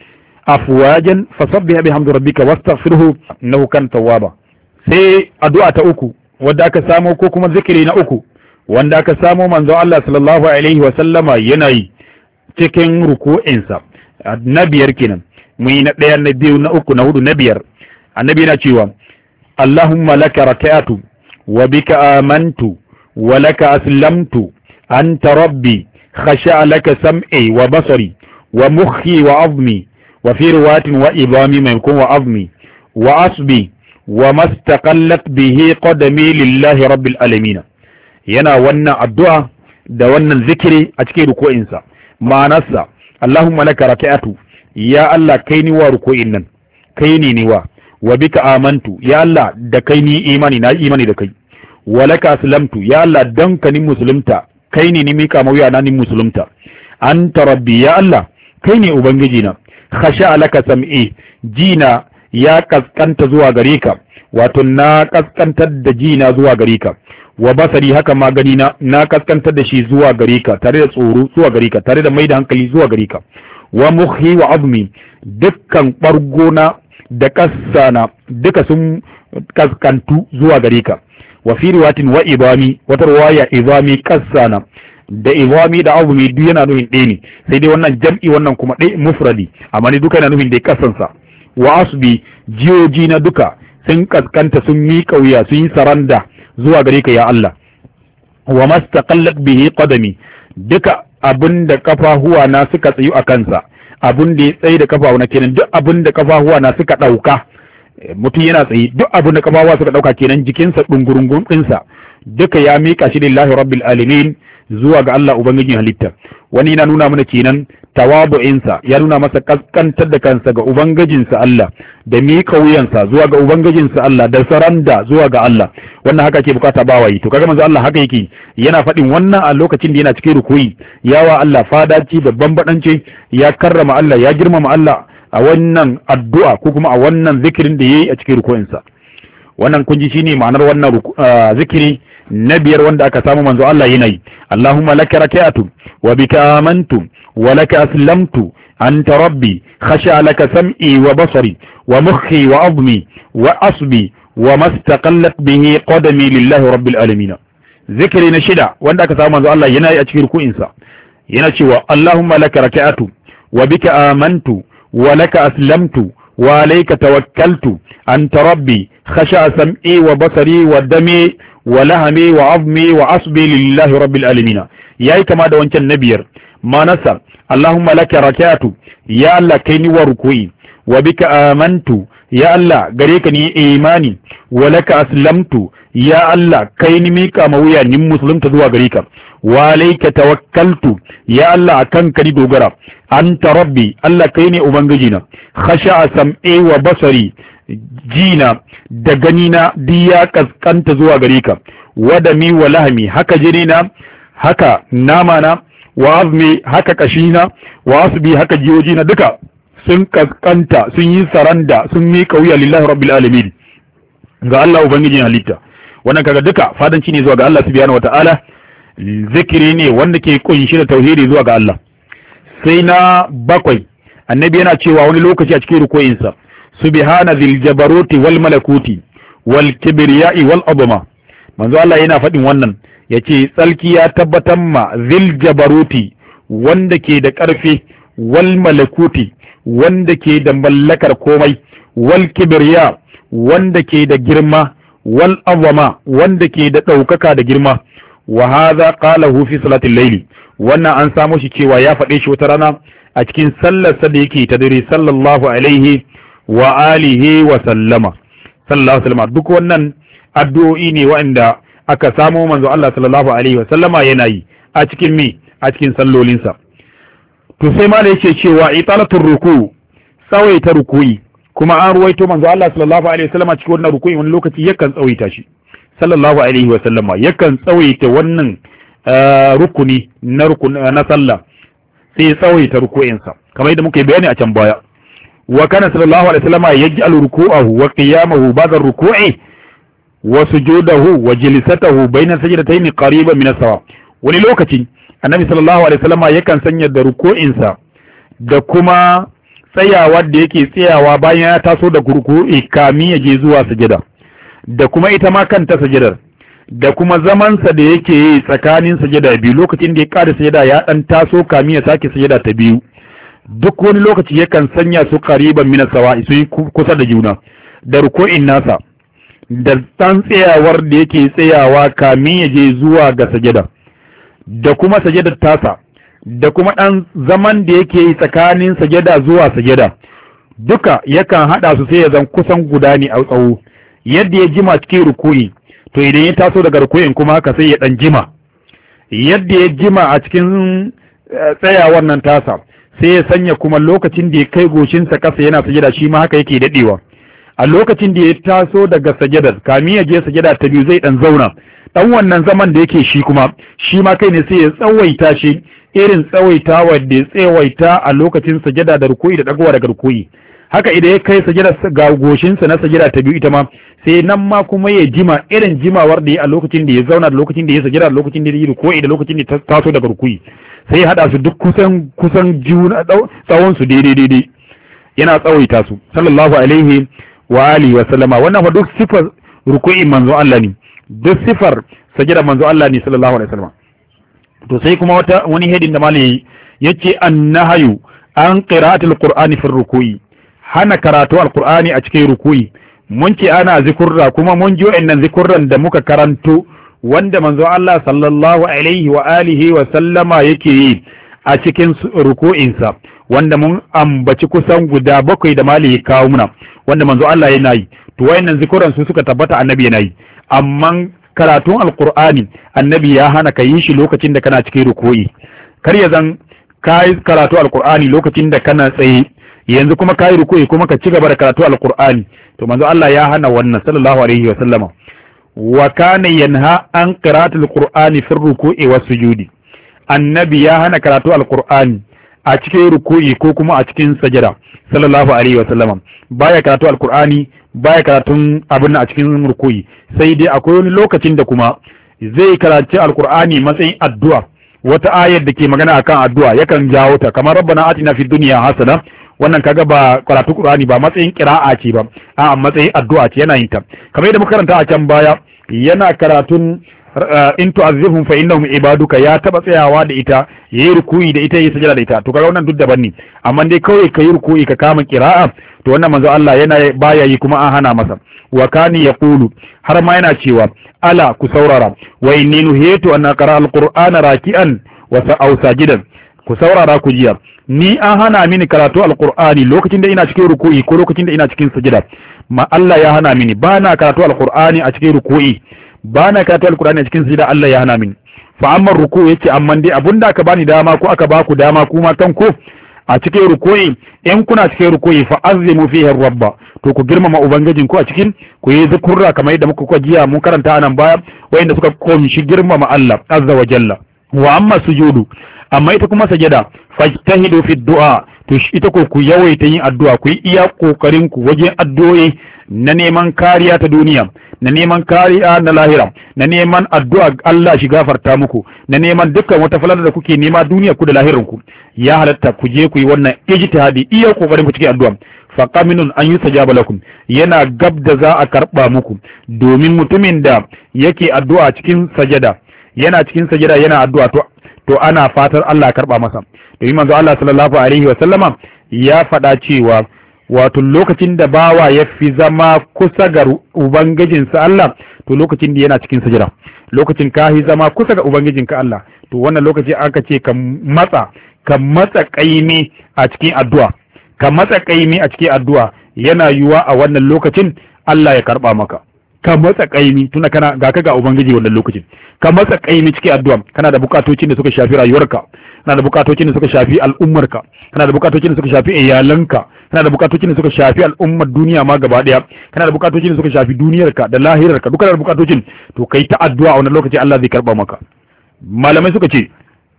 afwajan fasabbih bihamdi rabbika wastaghfirhu innahu kana tawwaba sai addu'a ta uku wanda aka samo ko kuma zikiri na uku wanda aka samo manzo Allah sallallahu alaihi wa sallama yana yi cikin ruku'insa na biyar kenan mu na ɗaya na biyu na uku na hudu na biyar annabi na cewa allahumma laka raka'atu wa bika amantu wa laka aslamtu anta rabbi khasha'a laka sam'i wa basari wa mukhi wa azmi wa fi riwayatin wa ibami maimakon wa azmi wa asbi wa mastaqallat bihi qadami lillahi rabbil alamin yana wannan addu'a da wannan zikiri a cikin ruku'insa ma'anarsa allahumma laka raka'atu ya Allah kai ni wa ruku'in nan kai ne ni wa wa bika amantu ya Allah da kai ni imani na imani da kai wa laka aslamtu ya Allah dan ka ni musulunta kai ni ni ka mawuya na ni musulunta anta rabbi ya Allah kai ne ubangiji na khasha alaka sam'i jina ya kaskanta zuwa gare ka wato na kaskantar da jina zuwa gare ka wa basari haka ma gani na na kaskantar da shi zuwa gare ka tare da tsoro zuwa gare ka tare da mai da hankali zuwa gare ka wa muhi wa azmi dukkan ɓargona da kassana duka sun kaskantu zuwa gare ka wa fi riwatin wa ibami wata riwaya ibami kassana da ibami da azumi duk yana nufin ɗaya ne sai dai wannan jam'i wannan kuma ɗaya mufradi amma ne duka yana nufin dai kassansa wa asbi jiyoji na duka sun kaskanta sun miƙa wuya sun yi saranda zuwa gare ka ya Allah wa mastaqallat bihi qadami duka abin da kafahuwa na suka tsayu a kansa abin da ya tsaye da kafa na kenan duk abin da kafahuwa na suka ɗauka eh, mutum yana tsaye duk abin da kafahuwa suka ɗauka kenan jikinsa ɗungurungun ɗinsa duka ya miƙa shi lillahi rabbil alamin zuwa ga Allah ubangijin halitta wani yana nuna mana kenan tawabu'insa ya nuna masa kaskantar da kansa ga ubangijinsa Allah da mika wuyansa zuwa ga ubangijinsa Allah da saranda zuwa ga Allah wannan haka ke bukata ba yi. to kaga manzo Allah haka yake yana faɗin wannan a lokacin da yana cikin rukuyi yawa Allah fadaci babban badanci ya karrama Allah ya girmama Allah a wannan addu'a ko kuma a wannan zikirin da yayi a cikin rukuyinsa wannan kun ji shine ma'anar wannan ah, zikiri na biyar wanda aka samu manzo Allah yana yi Allahumma laka raka'atu wa bika amantu wa laka aslamtu anta rabbi khasha laka sam'i wa basari wa mukhi wa azmi wa asbi wa mastaqallat bihi qadami lillahi rabbil alamin zikiri na shida wanda aka samu manzo Allah yana yi a cikin ruku'in sa yana cewa Allahumma laka raka'atu wa bika amantu wa laka aslamtu wa alayka tawakkaltu anta rabbi khasha sam'i wa basari wa dami wa lahami wa azmi wa asbi lillahi rabbil alamin yayi kama da wancan na biyar manasa allahumma laka rakatu ya allah kai ni wa wa bika amantu ya allah gare ka ni imani wa laka aslamtu ya Allah kai ni mika ma wuya nin musulunta zuwa gari ka wa alayka tawakkaltu ya Allah akan ka ni dogara anta rabbi Allah kai ne ubangiji na khasha sam'i wa basari jina da ganina duk ya kaskanta zuwa gari ka wadami wa lahmi haka na? haka nama na wa azmi haka kashina wa asbi haka na duka sun kaskanta sun yi saranda sun miƙa wuya lillahi rabbil alamin ga Allah ubangijin halitta wannan kaga duka fadanci ne zuwa ga Allah subhanahu wataala zikiri ne wanda ke kunshi da tauhidi zuwa ga Allah sai na bakwai annabi yana cewa wani lokaci a cikin rukoyinsa subhana dhil jabaruti wal malakuti wal kibriyai wal azma manzo Allah yana faɗin wannan yace tsalki ya tabbatar ma dhil jabaruti wanda ke da ƙarfi wal malakuti wanda ke da mallakar komai wal kibriya wanda ke da girma wal azama wanda ke da ɗaukaka da girma wa hadha qalahu fi salatil layli wannan an samo shi cewa ya faɗe shi wata rana a cikin sallar sa da yake ta dare sallallahu alaihi wa alihi wa sallama sallallahu alaihi wa duk wannan addu'o'i ne waɗanda aka samo manzo Allah sallallahu alaihi wa sallama yana yi a cikin mi a cikin sallolinsa to sai ma da yake cewa italatul ruku ta rukuyi kuma an ruwaito manzo Allah sallallahu alaihi wasallam cikin wannan rukuni wani lokaci yakan tsawaita shi sallallahu alaihi wasallam yakan tsawaita wannan eh, rukuni na rukuni na sallah sai tsawaita sa kamar yadda muka yi bayani a can baya wa kana sallallahu alaihi wasallam yaj'al ruku'ahu wa qiyamahu ba'da ruku'i wa sujudahu wa jilisatahu bayna sajdatayn qariban min as-sawa wani lokaci annabi sallallahu alaihi wasallam yakan sanya da sa da kuma tsayawar da yake tsayawa bayan ya taso da kurkuri eh, kamin ya je zuwa sujada da kuma ita ma kanta sujadar da kuma zamansa da yake yi tsakanin sujada biyu lokacin da ya ƙara sujada ya ɗan taso kamin ya sake sujada ta biyu duk wani lokaci yakan sanya su kariban mina sawa su yi kusa da juna da ruko'in nasa da ɗan tsayawar da yake tsayawa kamin ya je zuwa ga sajada da kuma sajadar tasa da kuma ɗan zaman da yake yi tsakanin sajada zuwa sajada duka yakan haɗa su sai ya zan kusan guda ne a tsawo yadda ya jima cikin ruku'i to idan ya taso daga ruku'in kuma haka sai ya ɗan jima yadda ya jima a cikin eh, tsayawar nan tasa sai ya sanya kuma lokacin da ya kai goshinsa ƙasa yana sajada shi ma haka yake daɗewa a lokacin da ya taso daga sajadar kamin ya je sajada ta biyu zai ɗan zauna ɗan wannan zaman da yake shi kuma shi ma kai ne sai ya tsawaita shi irin tsawaita wa da tsawaita a lokacin sajada da rukuyi da dagowa daga rukuyi haka idan ya kai sajada ga goshinsa na sajada ta biyu ita ma sai nan ma kuma ya jima irin jimawar da ya a lokacin da ya zauna da lokacin da ya sajada da lokacin da ya yi rukuyi da lokacin da ta taso daga rukuyi sai ya hada su duk kusan kusan juna tsawon su daidai daidai yana tsawaita su sallallahu alaihi wa alihi wa sallama wannan fa duk sifar rukuyi manzo Allah ne duk sifar sajada manzo Allah ne sallallahu alaihi wa sallama to sai kuma wata wani hedin da malai yayi yace annahayu an qira'atul qur'ani fi rukuyi hana karatu alqur'ani a cikin rukuyi mun ce ana zikurra kuma mun ji wa'annan zikurran da muka karanto wanda manzo Allah sallallahu alaihi wa alihi wa sallama yake yi a cikin ruku'insa wanda mun ambaci kusan guda bakwai da mali ya kawo muna wanda manzo Allah yana yi to wayannan zikuran su suka tabbata annabi yana yi amma karatun alkur'ani annabi ya hana ka yi shi lokacin da kana cikin rukoyi kar ya zan kai karatu alkur'ani lokacin da kana tsaye yanzu kuma kai rukoyi kuma ka ci gaba da karatu alkur'ani to manzo Allah ya hana wannan sallallahu alaihi wa sallama wa kana yanha an qira'atul qur'ani fi ruku'i was sujudi annabi ya hana karatu alkur'ani a cikin ruku'i ko kuma a cikin sajada sallallahu alaihi wasallam baya karatu alqur'ani baya karatun abin a cikin ruku'i sai dai akwai wani lokacin da kuma zai karanci alqur'ani matsayin addu'a wata ayar da ke magana akan addu'a yakan jawo ta kamar rabbana atina fid dunya hasana wannan kaga ba karatu qur'ani ba matsayin qira'a ce ba a matsayin addu'a ce yana yin ta kamar yadda muka karanta a can baya yana karatun Uh, in tu'azzibhum fa innahum ibaduka ya taba tsayawa da ita yayi ruku'i da ita yayi sajada da ita to kaga wannan duk daban ne amma dai kawai kai ruku'i ka kama qira'a to wannan manzo Allah yana baya yi kuma an hana masa wa kani yaqulu har ma yana cewa ala ku saurara wa inni nuhitu an aqra alqur'ana raki'an wa sa'aw sajidan ku saurara ku jiya ni an hana mini karatu alqur'ani lokacin da ina cikin ruku'i ko lokacin da ina cikin sujada ma Allah ya hana mini ba na karatu alqur'ani a cikin ruku'i ba na karanta alkur'ani a cikin da Allah ya hana min fa amma ruku ce, amma dai da aka bani dama ko aka baku dama kuma kan ko a cikin ruku'i in kuna cikin ruku'i fa azimu fihi rabba to ku girmama ubangijin ku a cikin ku yi zikurra kamar yadda muka kuka jiya mun karanta anan baya wayanda suka komshi girmama Allah azza wa jalla wa amma sujudu amma ita kuma sajada fajtahidu fi du'a to shi ita ko ku yawaita yin addu'a ku yi iya kokarin ku wajen addu'o'i na neman kariya ta duniya na neman kariya na lahira na neman addu'a Allah shi gafarta muku na neman dukkan wata falala da kuke nema duniya ku da lahirin ku ya halatta ku je ku yi wannan ijtihadi iya kokarin ku cikin addu'a qaminun an yusajaba lakum yana gab da za a karba muku domin mutumin da yake addu'a cikin sajada yana cikin sajada yana addu'a to to ana fatar Allah karba masa domin manzo Allah sallallahu alaihi wa sallama ya faɗa cewa wato lokacin da bawa ya fi zama kusa ga sa Allah to lokacin da yana cikin sujada lokacin ka fi zama kusa ga ka Allah to wannan lokaci aka ce ka matsa ka matsa kaimi a cikin addu'a ka matsa kaimi a cikin addu'a yana yiwuwa a wannan lokacin Allah ya karba maka ka matsa kaimi tuna kana ga ka ga ubangiji wannan lokacin ka matsa kaimi cikin addu'a kana da bukatocin da suka shafi rayuwarka kana da bukatocin da suka shafi al'ummarka kana da bukatocin da suka shafi iyalanka kana da bukatocin da suka shafi al'ummar duniya ma gaba daya kana da bukatocin da suka shafi duniyarka da lahirarka duka da bukatocin to kai ta addu'a a wannan lokaci Allah zai karba maka malamai suka ce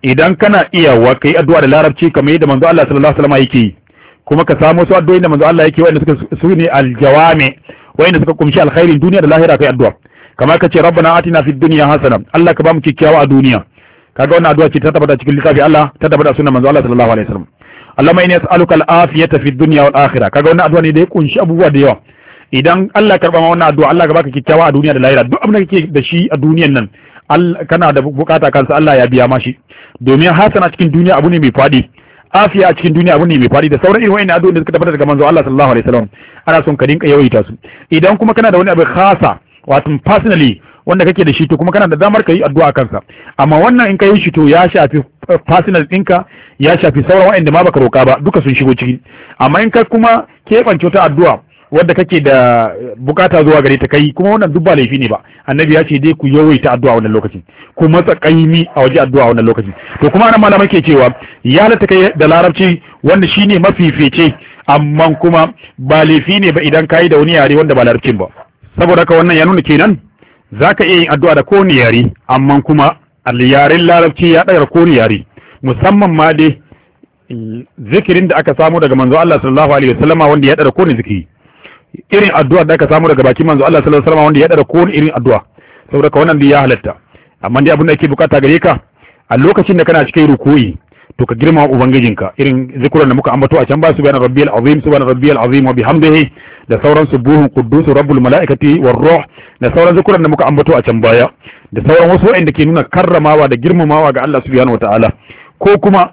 idan kana wa kai addu'a da larabci kamar yadda manzo Allah sallallahu alaihi wasallam yake kuma ka samu su addu'o'in da manzo Allah yake wanda suka su ne aljawami wanda suka kumshi alkhairin duniya da lahira kai addu'a kamar ka ce rabbana atina fid dunya hasana Allah ka ba mu kikkiawa a duniya kaga wannan addu'a ce ta tabbata cikin littafi Allah ta tabbata sunan manzo Allah sallallahu alaihi wasallam Allahumma inni as'aluka al-afiyata fi dunya wal akhirah kaga wannan addu'a ne da ya kunshi abubuwa da yawa idan Allah karba ma wannan addu'a Allah ka baka kikkiawa a duniya da lahira duk abin da kake da shi a duniyan nan kana da bukata kansa Allah ya biya ma shi domin hasana cikin duniya abu ne mai fadi afiya a cikin duniya abu ne mai fadi da sauran irin wa'annan addu'o'in da suka tabbata daga manzo Allah sallallahu alaihi wasallam ana son ka dinka yawaita su idan kuma kana da wani abu khasa wato personally wanda kake da shi to kuma kana da damar ka yi addu'a kansa amma wannan in ka yi shi to ya shafi personal ɗinka ya shafi sauran waɗanda ma baka roƙa ba duka sun shigo ciki amma in ka kuma keɓance wata addu'a wadda kake da bukata zuwa gare ta kai kuma wannan duk ba laifi ne ba annabi ya ce dai ku yawaita addu'a wannan lokacin ku matsa kaimi a waje addu'a wannan lokacin to kuma anan malamai ke cewa ya ta kai da larabci wanda shine mafifice amma kuma ba laifi ne ba idan kai da wani yare wanda ba larabcin ba saboda haka wannan ya nuna kenan za ka iya yin addu'a da kowane yare amma kuma yaren larabci ya ɗaga kowane yare musamman ma dai zikirin da aka samu daga manzo Allah sallallahu alaihi wasallam wanda ya ɗaga kowane zikiri irin addu'a da aka samu daga bakin manzo Allah sallallahu alaihi wasallam wanda ya ɗaga kowane irin addu'a saboda ka wannan ya halatta amma dai abin da yake bukata gare ka a lokacin da kana cikin rukuyi to ka girma ubangijinka irin zikuran da muka ambato a can ba subhana rabbiyal azim subhana rabbiyal azim wa bihamdihi da sauran subuhun quddus rabbul malaikati war ruh da sauran zikuran da muka ambato a can baya da sauran wasu wa'anda ke nuna karramawa da girmamawa ga Allah subhanahu ta'ala ko kuma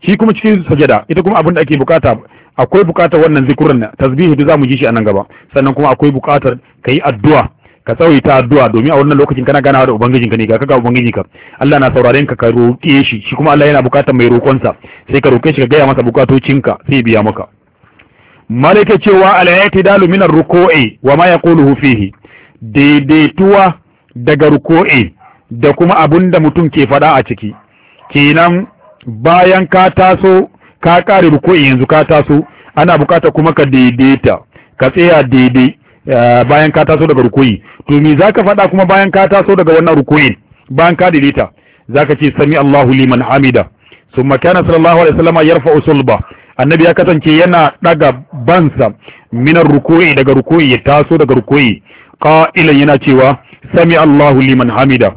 shi kuma cikin sajada ita kuma abin da ake bukata akwai bukatar wannan zikuran tasbihi da zamu ji shi a nan gaba sannan kuma akwai bukatar kai addu'a ka tsawaita addu'a domin a wannan lokacin kana ganawa da ubangijinka ne ga kaga ubangijinka Allah na sauraren ka ka roƙe shi shi kuma Allah yana bukatar mai roƙonsa sai ka roƙe shi ka gaya masa bukatocinka sai biya maka malaka cewa alayati dalu min ar-ruku'i wa ma yaquluhu fihi daidaituwa daga ruku'i da kuma abunda mutum ke fada a ciki kenan bayan ka taso ka kare ruku'i yanzu ka taso ana bukata kuma ka daidaita ka tsaya daidai Eh, bayan ka taso daga rukuyi to me zaka faɗa kuma bayan ka taso daga wannan rukoyi bayan ka dilita zaka ce sami Allahu liman hamida summa kana sallallahu alaihi wasallam yarfa'u sulba annabi ya kasance yana daga bansa minar rukuyi daga rukuyi ya taso daga rukuyi qa'ilan yana cewa sami Allahu liman hamida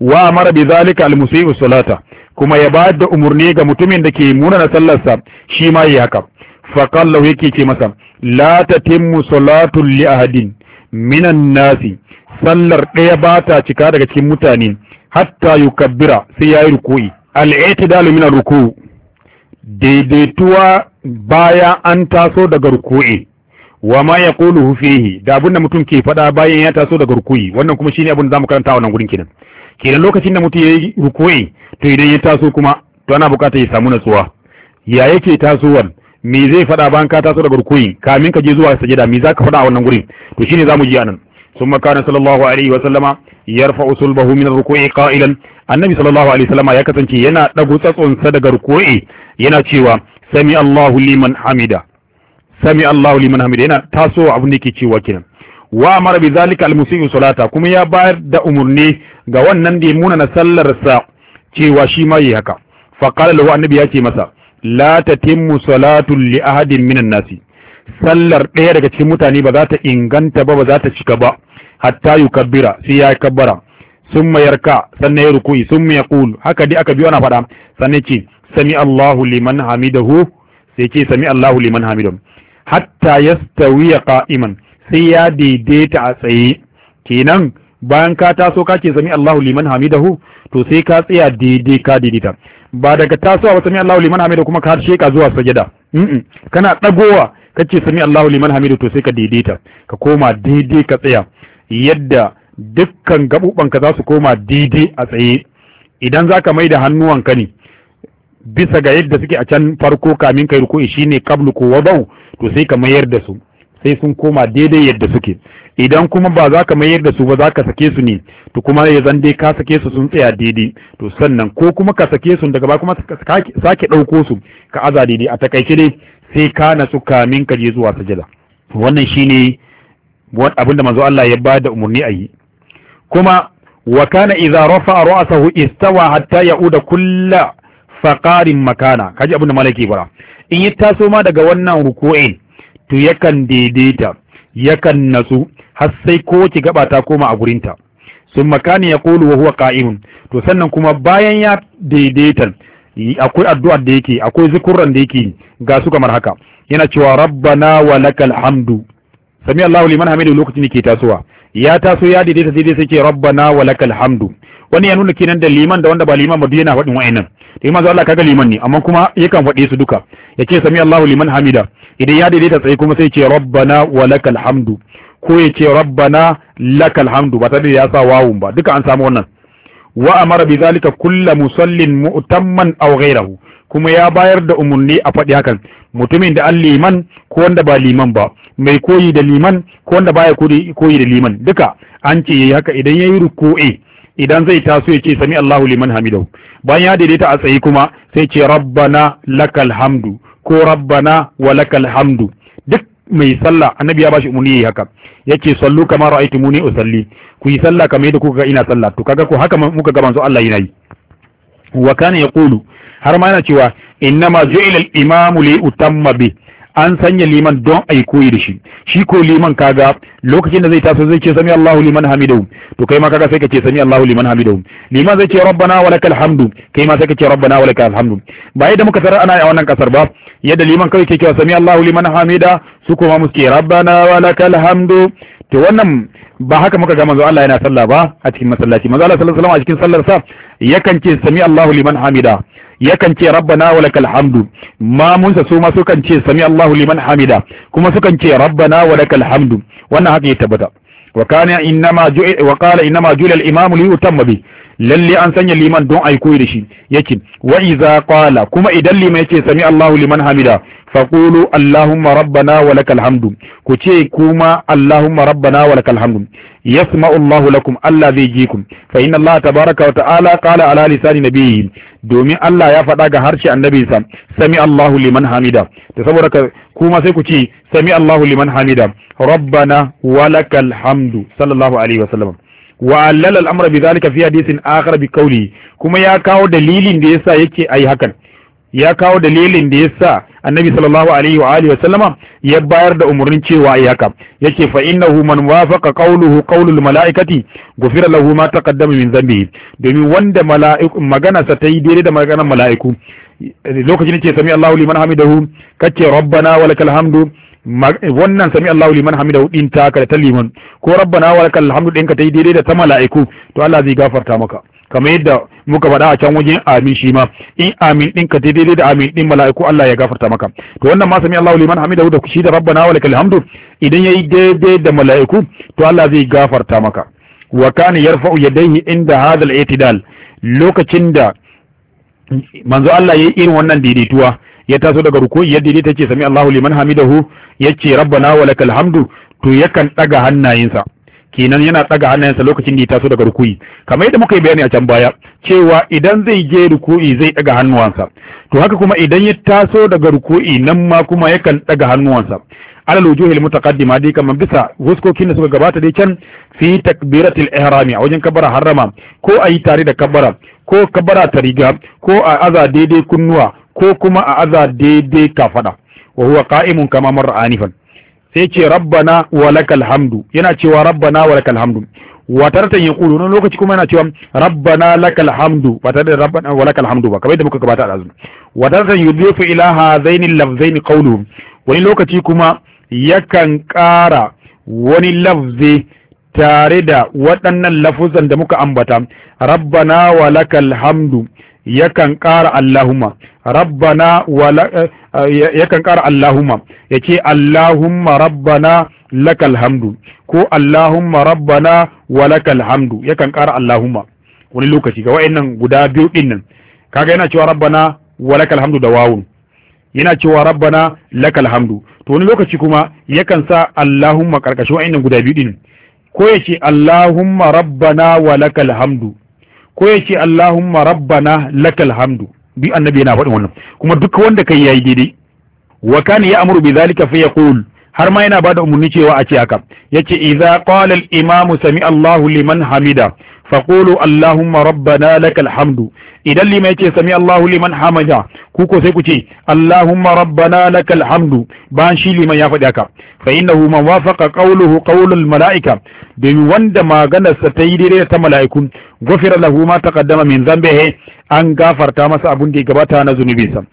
wa amara bi zalika al salata kuma ya ba da umarni ga mutumin da ke munana sallarsa shi ma yi haka faƙalla yake ce masa la ta timmu salatun li ahadin minan nasi sallar ɗaya ba ta cika daga cikin mutane hatta yukabbira sai yayi ruku'i al-i'tidalu min ruku daidaituwa baya an taso daga ruku'i wa ma yaquluhu fihi da abinda mutum ke faɗa bayan ya taso daga ruku'i wannan kuma shine abin da zamu karanta a wannan gurin kenan kenan lokacin da mutum yayi ruku'i to idan ya taso kuma to ana buƙatar ya samu natsuwa ya yake tasowar me zai faɗa bayan ka taso daga rukuyi kamin ka je zuwa sajada me zaka faɗa a wannan gurin to shine zamu ji anan ثم كان صلى الله عليه وسلم يرفع صلبه من الركوع قائلا النبي صلى الله عليه وسلم ya kasance yana dago tsatson sa daga rukuyi yana cewa sami Allahu liman hamida yana taso abin da yake cewa kenan wa amara bi zalika al-musii'u salata kuma ya bayar da umurni ga wannan da ya muna na sallar sa cewa shi ma yi haka fa qala lahu annabi ya ce masa la tatimmu salatu li ahadin minan nasi sallar ɗaya daga cikin mutane ba za ta inganta ba ba za ta cika ba hatta yukabbira sai ya kabbara summa yarka sannan ya ruku'i summa yaqul haka dai aka biyo ana faɗa sannan ce sami Allahu liman hamidahu sai ce sami Allahu liman hamidahu hatta yastawiya qa'iman sai ya daidaita a tsaye kenan bayan ka taso ka ce sami Allahu liman hamidahu to sai ka tsaya daidai ka daidaita ba daga tasowa ba sami Allahu liman hamidu kuma ka har sheka zuwa sajada kana dagowa kace sami Allahu liman hamidu to sai ka daidaita ka koma daidai ka tsaya yadda dukkan ka za su koma daidai a tsaye idan zaka mai da ka ne bisa ga yadda suke a can farko kamin kai ruku'i shine qablu kowa wadau to sai ka mayar da su sai sun koma daidai yadda suke idan kuma ba za ka mayar da su ba za ka sake su ne to kuma ya zan dai ka sake su sun tsaya daidai to sannan ko kuma ka sake su daga ba kuma sake ɗauko su ka aza daidai a takaice dai sai ka su kamin ka je zuwa sajada wannan shine abin da manzo Allah ya da umarni a yi kuma wa kana idza rafa ra'sahu istawa hatta ya'uda kullu faqarin makana kaji abin da malaki bara in ya taso daga wannan ruku'in to yakan daidaita yakan natsu har sai kowace gaba ta koma a gurinta sun makani ya kulu wa huwa qa'imun to sannan kuma bayan ya daidaita akwai addu'ar da yake akwai zikurran da yake ga su kamar haka yana cewa rabbana wa lakal hamdu sami Allahu liman hamidu lokacin ke tasowa ya taso ya daidaita sai dai sai ce rabbana wa lakal hamdu wani ya nuna kenan da liman da wanda ba liman ba yana faɗin wa'annan to yi manzo Allah kaga liman ne amma kuma yakan faɗi su duka ya ce sami Allahu liman hamida idan ya daidaita tsaye kuma sai ce rabbana wa lakal hamdu ko ya ce rabbana lakal hamdu ba tare da ya sa wawun ba duka an samu wannan wa amara bi zalika kullu musallin mu'tamman aw ghayrahu kuma ya bayar da umurni a faɗi hakan mutumin da an liman ko wanda ba liman ba mai koyi da liman ko wanda baya koyi da liman duka an ce yayi haka idan yayi ruku'i idan zai taso ya ce sami Allahu liman hamidahu bayan ya daidaita a tsaye kuma sai ce rabbana lakal hamdu ko rabbana wa lakal hamdu duk mai sallah annabi ya bashi umarni yayi haka yace sallu kama ra'aytumuni usalli ku yi sallah kamar yadda kuka ga ina sallah to kaga ko haka muka ga manzo Allah yana yi wa kana yaqulu har ma yana cewa innama ju'ila al-imamu li utamma bi an sanya liman don a yi koyi da shi shi ko liman kaga lokacin da zai taso zai ce sami Allahu liman hamidahu to kai ma kaga sai ka ce sami Allahu liman hamidahu liman zai ce rabbana wa lakal hamdu kai ma sai ka ce rabbana wa lakal hamdu ba yadda muka tarar ana a wannan kasar ba yadda liman kawai ke cewa sami Allahu liman hamida su kuma musu ce rabbana wa lakal hamdu to wannan ba haka muka ga manzo Allah yana sallah ba a cikin masallaci manzo Allah sallallahu alaihi wasallam a cikin sallar sa yakan ce sami Allahu liman hamida yakan ce rabbana wa lakal hamdu mamunsa su ma sukan ce sami Allahu liman hamida kuma sukan ce rabbana wa lakal hamdu wannan haka ya tabbata wa kana innama ju'ila wa qala innama ju'ila al-imamu li yutamma bi lalle an sanya liman don ai koyi da shi yake wa iza qala kuma idan liman yace sami Allahu liman hamida faqulu allahumma rabbana wa lakal hamdu ku ce kuma allahumma rabbana wa lakal hamdu yasma'u Allahu lakum Allah zai ji ku fa inna Allah tabaraka wa ta'ala qala ala lisani nabiyyi domin Allah ya faɗa ga harshe annabi sa sami Allahu liman hamida kuma sai ku ce sami Allahu liman hamida rabbana walakal hamdu sallallahu alaihi wa allala al'amra bi zalika fi hadisin akhar bi qawli kuma ya kawo dalilin da yasa yake ayi hakan ya kawo dalilin da yasa annabi sallallahu alaihi wa alihi wasallama ya bayar da umurnin cewa ai haka yace fa innahu man wafaqa qawluhu qawlul malaikati gufira lahu ma taqaddama min dhanbihi domin wanda mala'iku magana sa ta yi daidai da maganar mala'iku lokacin ce sami Allahu liman hamidahu kace rabbana walakal hamdu wannan sami Allahu liman hamidahu din ta ka ta liman ko rabbana walakal hamdu din ka ta yi daidai da ta mala'iku to Allah zai gafarta maka kamar yadda muka faɗa a can wajen amin shi ma in amin din ka daidai da amin din mala'iku Allah ya gafarta maka to wannan ma sami Allahu liman hamidahu da shi da rabbana wa lakal hamdu idan yayi daidai da mala'iku to Allah zai gafarta maka wa kana yarfa'u yadayhi inda hadha al-i'tidal lokacin da manzo Allah yayi irin wannan daidaituwa ya taso daga ruku'i ya daidaita ce sami Allahu liman hamidahu yace rabbana wa lakal hamdu to yakan daga hannayensa kenan yana ɗaga hannayensa lokacin da ya taso daga ruku'i kamar yadda muka yi bayani a can baya cewa idan zai je ruku'i zai tsaga hannuwansa to haka kuma idan ya taso daga ruku'i nan ma kuma yakan tsaga hannuwansa alal wujuhil mutaqaddima dai kamar bisa huskokin da suka gabata dai can fi takbiratil ihrami a wajen kabara harrama ko a yi tare da kabara ko kabara ta riga ko a aza daidai kunnuwa ko kuma a aza daidai kafada wa huwa qa'imun kama marra anifan sai ce rabbana wa lakal hamdu yana cewa rabbana wa lakal hamdu wa taratan yaqulu nan lokaci kuma yana cewa rabbana lakal hamdu ba tare da rabbana wa lakal hamdu ba kamar yadda muka gabata a azumi wa taratan yudifu ila hazaini lafzaini qawluhum wani lokaci kuma yakan ƙara wani lafzi tare da waɗannan lafuzan da muka ambata rabbana wa lakal hamdu yakan ƙara allahumma rabbana wa yakan ƙara Allahumma ya ce Allahumma rabbana lakal hamdu ko Allahumma rabbana wa lakal hamdu yakan ƙara Allahumma wani lokaci ga wa'annan guda biyu din nan kaga yana cewa rabbana wa lakal hamdu da wawun yana cewa rabbana lakal hamdu to wani lokaci kuma yakan sa Allahumma karkashin wa'annan guda biyu din ko ya ce Allahumma rabbana wa lakal hamdu ko ya ce Allahumma rabbana lakal hamdu duk annabi yana faɗin wannan kuma duk wanda kai yayi daidai wa kana ya'muru bi zalika fa yaqul har ma yana bada umarni cewa a ce haka yace idza qala al imam sami Allahu liman hamida فقولوا اللهم ربنا لك الحمد idan lima yake sami Allahu liman hamada ku ko sai ku ce Allahumma rabbana lakal hamdu shi liman ya faɗi haka fa innahu man wafaqa qawluhu qawlul malaika domin wanda maganarsa ta yi daidai ta mala'iku gufira lahu ma taqaddama min dhanbihi an gafarta masa abun da ya gabata na zunubinsa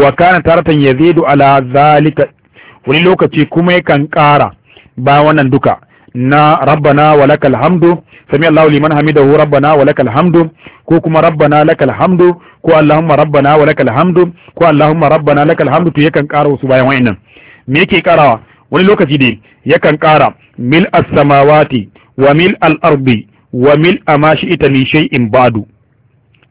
wa kana taratan yazidu ala zalika wani lokaci kuma yakan ƙara ba wannan duka na rabbana wa lakal hamdu sami Allahu liman hamidahu rabbana wa lakal hamdu ko kuma rabbana lakal hamdu ko Allahumma rabbana wa lakal hamdu ko Allahumma rabbana lakal hamdu to yakan ƙara wasu bayan wa'annan me yake ƙarawa wani lokaci ne yakan ƙara mil as-samawati wa mil al-ardi wa mil ma shi'ita min shay'in badu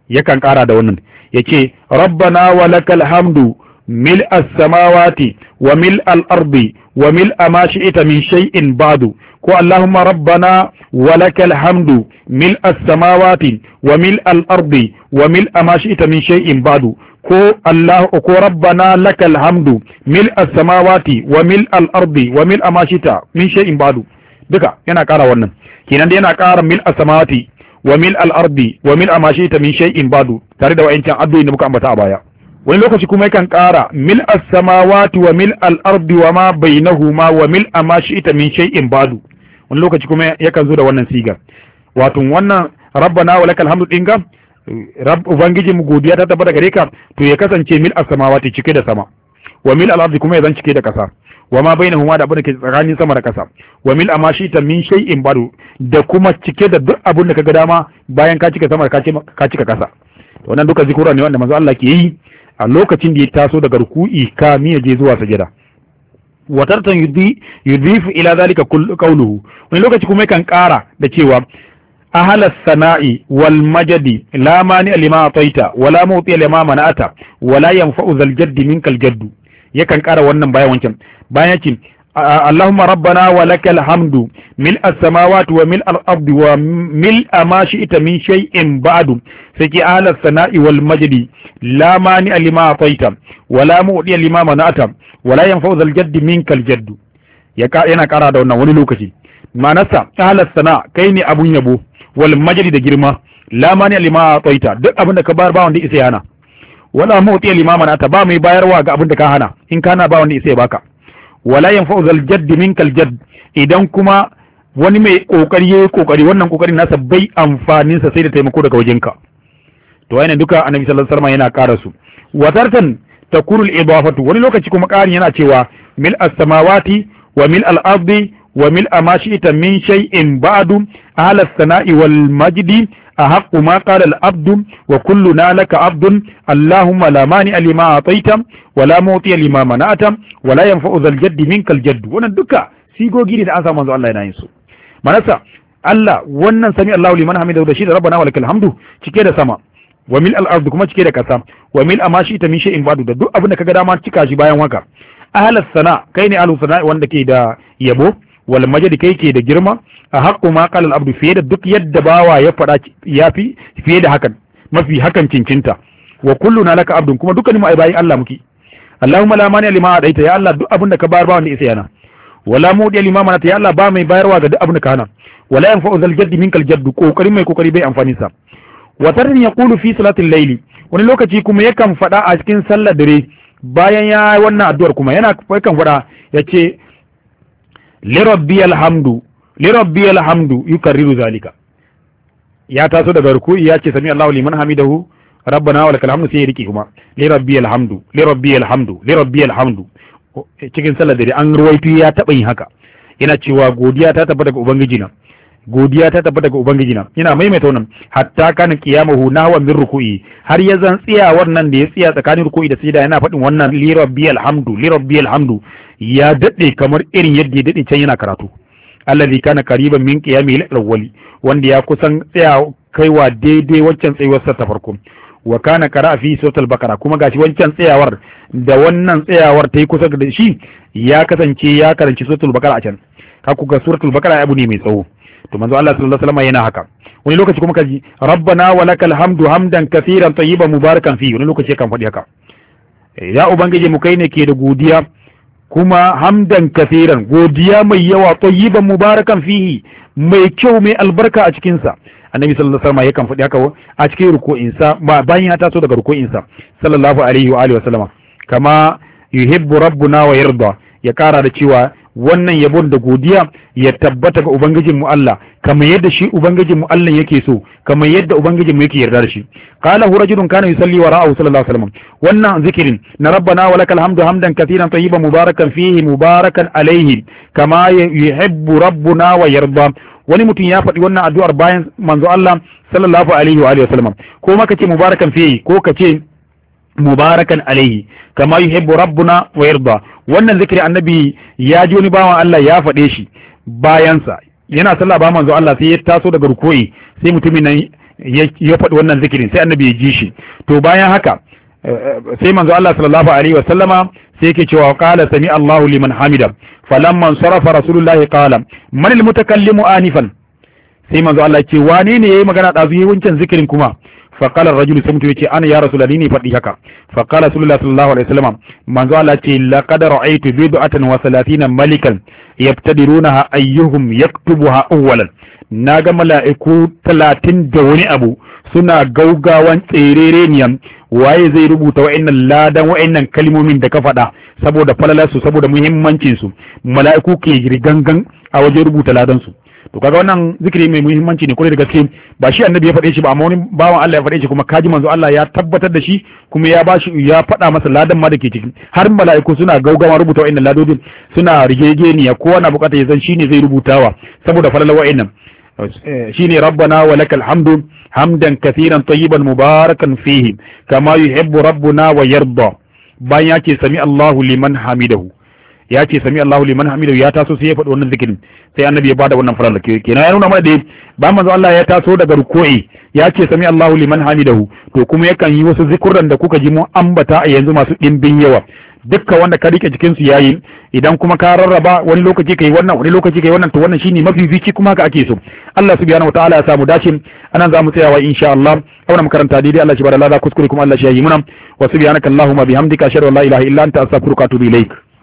yakan ƙara da wannan yace rabbana wa lakal hamdu mil as-samawati wa mil al-ardi wa mil ma shi'ita min shay'in ba'du ko allahumma rabbana wa lakal hamdu mil as-samawati wa mil al-ardi wa mil ma shi'ita min shay'in ba'du ko Allah ko rabbana lakal hamdu mil as-samawati wa mil al-ardi wa mil ma shi'ita min shay'in ba'du duka yana kara wannan kinan da yana kara mil as-samawati wa mil al-ardi wa mil ma shi'ita min shay'in ba'du tare da wa'ancan addu'o'in da muka ambata a baya wani lokaci kuma yakan ƙara mil al samawati wa mil al-ardi wa ma bainahuma wa mil ma shi'ta min shay'in badu wani lokaci kuma yakan zo da wannan sigar wato wannan rabbana wa lakal hamdu dinga rabb ubangiji mu godiya ta tabbata gare ka to ya kasance mil al samawati cike da sama wa mil al-ardi kuma ya zan cike da kasa wa ma bainahuma da abin da ke tsakanin sama da kasa wa mil ma shi'ta min shay'in badu da kuma cike da duk abin da kaga dama bayan ka cika sama ka cika kasa wannan duka zikura ne wanda manzo Allah ke yi a lokacin da ya taso daga ruku'i ka miya je zuwa sajada watartan yudhi yudhifu ila zalika qawluhu wani lokaci kuma yakan kara da cewa ahala sana'i wal majdi la mani wala mu'ti al manata wala yanfa'u zal jaddi minkal jaddu yakan kara wannan bayan wancan bayan yakin اللهم ربنا ولك الحمد ملء السماوات وملء الأرض وملء ما شئت من شيء بعد سكي آل الثناء والمجد لا مانع لما أعطيت ولا مؤدي لما منعت ولا ينفع ذا الجد منك الجد yana ƙara da wannan wani lokaci manasa ahalar sana kai ne abun yabo wal da girma la mani lima duk abin da ka bayar ba wanda isa yana wala mu tiya limama nata ba mai bayarwa ga abin da ka hana in kana ba isa ya baka wala yanfa'u uzal jadd kal jadd idan kuma wani mai kokari yayi kokari wannan kokarin nasa bai amfanin sa sai da taimako daga wajenka to wayannan duka annabi sallallahu alaihi wasallam yana ƙara su watartan takurul idafatu wani lokaci kuma ƙarin yana cewa mil as-samawati wa mil al-ardi wa mil amashita min shay'in ba'du ala as-sana'i wal majdi أحق ما قال العبد وكلنا لك عبد اللهم لا مانع لما أعطيت ولا معطي لما منعت ولا ينفع ذا الجد منك الجد wannan duka sigogi ne da an samu manzo Allah yana yin su manasa Allah wannan sami Allahu liman hamidahu da shi da rabbana walakal hamdu cike da sama wa mil kuma cike da kasa wa mil amashi ta min in badu da duk abin da kaga dama cika shi bayan haka ahlus sana'a kai ne ahlus sana wanda ke da yabo wal majid kai ke da girma a haƙƙo ma kalal abdu fiye da duk yadda bawa ya fada yafi fiye da hakan mafi hakan cincinta wa kullu na laka abdun kuma dukkanin mu ai bayin Allah muke Allahumma la mani lima adaita ya Allah duk abin da ka bayar ba wanda isa yana wala mudi lima mana ya Allah ba mai bayarwa ga duk abin da ka hana wala yanfa'u zal jaddi minkal jaddu kokarin mai kokari bai amfani sa wa tarni yaqulu fi salatil layli wani lokaci kuma yakan faɗa a cikin sallar dare bayan ya wannan addu'ar kuma yana yakan fada yace lirabbi alhamdu lirabbi alhamdu yukarriru zalika ya taso daga ruku'i ya ce sami Allahu liman hamidahu rabbana wa lakal hamdu sai ya rike kuma lirabbi alhamdu lirabbi alhamdu lirabbi alhamdu cikin sallar dare an ruwaito ya taba yin haka yana cewa godiya ta tabbata ga ubangiji na godiya ta tabbata ga ubangiji na ina maimaita wannan hatta kana qiyamahu nahwa min ruku'i har ya zan tsiya wannan da ya tsiya tsakanin ruku'i da sujada yana fadin wannan li rabbi alhamdu li rabbi alhamdu ya dade kamar irin yadda ya dade can yana karatu alladhi kana qariban min qiyami al-awwali wanda ya kusan tsaya kaiwa daidai wancan tsayuwar sa ta farko wa kana qara'a fi suratul baqara kuma gashi wancan tsayawar da wannan tsayawar ta yi kusa da shi ya kasance ya karanci suratul baqara a can ka kuga suratul baqara abu ne mai tsawo to manzo Allah sallallahu alaihi wasallam yana haka wani lokaci kuma kaji rabbana walakal hamdu hamdan kaseeran tayyiban mubarakan fi wani lokaci kan faɗi haka eh, ya ubangiji mu kai ne ke da godiya kuma hamdan kaseeran godiya mai yawa tayyiban mubarakan fihi mai kyau mai albarka a cikin sa annabi sallallahu alaihi wasallam yakan faɗi haka a cikin ruku'in sa bayan ya taso daga ruku'in sa sallallahu alaihi wa alihi wasallama kama yuhibbu rabbuna wa yarda ya kara da cewa wannan yabon da godiya ya tabbata ga ubangijin Allah kamar yadda shi ubangijin Allah yake so kamar yadda ubangijin mu yake yarda da shi qala hu rajulun kana yusalli wa ra'ahu sallallahu alaihi wasallam wannan zikirin na rabbana wa lakal hamdu hamdan katiran tayyiban mubarakan fihi mubarakan alaihi kama yuhibbu rabbuna wa yarda wani mutum ya faɗi wannan addu'ar bayan manzo Allah sallallahu alaihi wa alihi wasallam ko maka ce mubarakan fihi ko ka ce mubarakan alaihi kama yuhibbu rabbuna wa yarda wannan zikirin annabi ya ji wani bawan Allah ya faɗe shi bayansa yana sallah ba manzo Allah sai ya taso daga rukoi sai mutumin nan ya faɗi wannan zikirin sai annabi ya ji shi to bayan haka eh, sai manzo Allah sallallahu alaihi wa sallama sai yake cewa qala sami Allahu liman hamida falamma sarafa rasulullahi qala man al mutakallimu anifan sai manzo Allah ce wane ne yayi magana dazu yayi wancan zikirin kuma فقال الرجل سمت يتي انا يا رسول الله ني فدي هكا فقال رسول الله صلى الله عليه وسلم من قال تي لقد رايت بضعه و30 ملكا يبتدرونها ايهم يكتبها اولا naga mala'iku talatin da wani abu suna gaugawan tserereniyan waye zai rubuta wa'annan ladan wa'annan kalmomin da ka faɗa saboda falalarsu saboda muhimmancinsu mala'iku ke rigangan a wajen rubuta ladansu to kaga wannan zikiri mai muhimmanci ne kwarai da gaske ba shi annabi ya faɗe shi ba amma wani bawan Allah ya faɗe shi kuma kaji manzo Allah ya tabbatar da shi kuma ya bashi ya faɗa masa ladan ma da ke ciki har mala'iku suna gaugawa rubuta wa'annan ladodin suna rigegeniya kowa na bukata ya san shine zai rubutawa saboda falalar wa'annan eh, shine rabbana wa lakal hamdu hamdan kathiran tayyiban mubarakan fihi kama yuhibbu rabbuna wa yarda bayan ya ce sami Allahu liman hamidahu ya ce sami Allahu liman hamidu ya taso sai ya faɗi wannan zikirin sai annabi ya bada wannan falala kenan ya nuna mana dai ba manzo Allah ya taso daga ruku'i ya ce sami Allahu liman hamidahu to kuma yakan yi wasu zikuran da kuka ji mu ambata a yanzu masu dimbin yawa dukkan wanda ka rike jikin su yayi idan kuma ka rarraba wani lokaci kai wannan wani lokaci kai wannan to wannan shine mafi fici kuma ka ake so Allah subhanahu wataala ya samu dace anan zamu tsayawa insha Allah auna makaranta daidai Allah shi bada lada kuskure kuma Allah shi yayi muna wa subhanaka allahumma bihamdika ashhadu an la ilaha illa anta astaghfiruka wa atubu ilaik